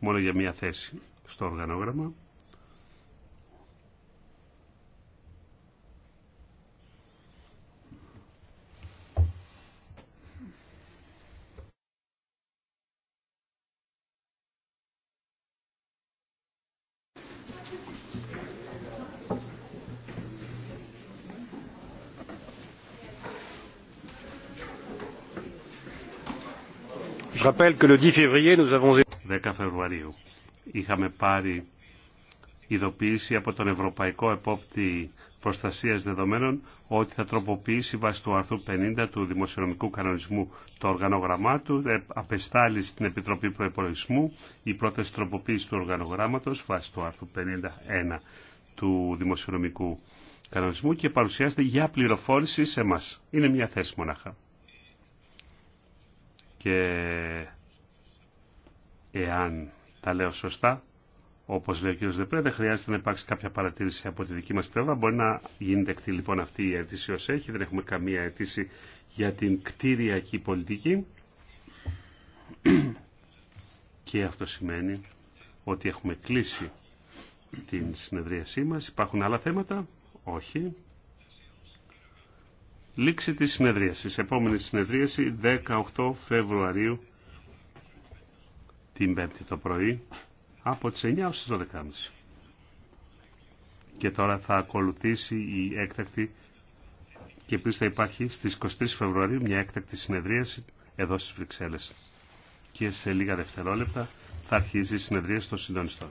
μόνο για μία θέση στο οργανόγραμμα. 10 Φεβρουαρίου είχαμε πάρει ειδοποίηση από τον Ευρωπαϊκό Επόπτη Προστασίας Δεδομένων ότι θα τροποποιήσει βάσει του άρθρου 50 του Δημοσιονομικού Κανονισμού το οργανόγραμμά του, ε, απεστάλλει στην Επιτροπή Προϋπολογισμού η πρώτη τροποποίηση του οργανογράμματος βάσει του άρθρου 51 του Δημοσιονομικού Κανονισμού και παρουσιάζεται για πληροφόρηση σε εμά. Είναι μια θέση μονάχα και εάν τα λέω σωστά, όπως λέει ο κ. Δεπρέ, δεν χρειάζεται να υπάρξει κάποια παρατήρηση από τη δική μας πλευρά. Μπορεί να γίνει δεκτή λοιπόν αυτή η αίτηση ως έχει, δεν έχουμε καμία αίτηση για την κτηριακή πολιτική. Και αυτό σημαίνει ότι έχουμε κλείσει την συνεδρίασή μας. Υπάρχουν άλλα θέματα. Όχι. Λήξη της συνεδρίασης. Επόμενη συνεδρίαση 18 Φεβρουαρίου την 5η το πρωί από τις 9 ως τις 12.30. Και τώρα θα ακολουθήσει η έκτακτη και επίσης θα υπάρχει στις 23 Φεβρουαρίου μια έκτακτη συνεδρίαση εδώ στις Βρυξέλλες. Και σε λίγα δευτερόλεπτα θα αρχίζει η συνεδρίαση των συντονιστών.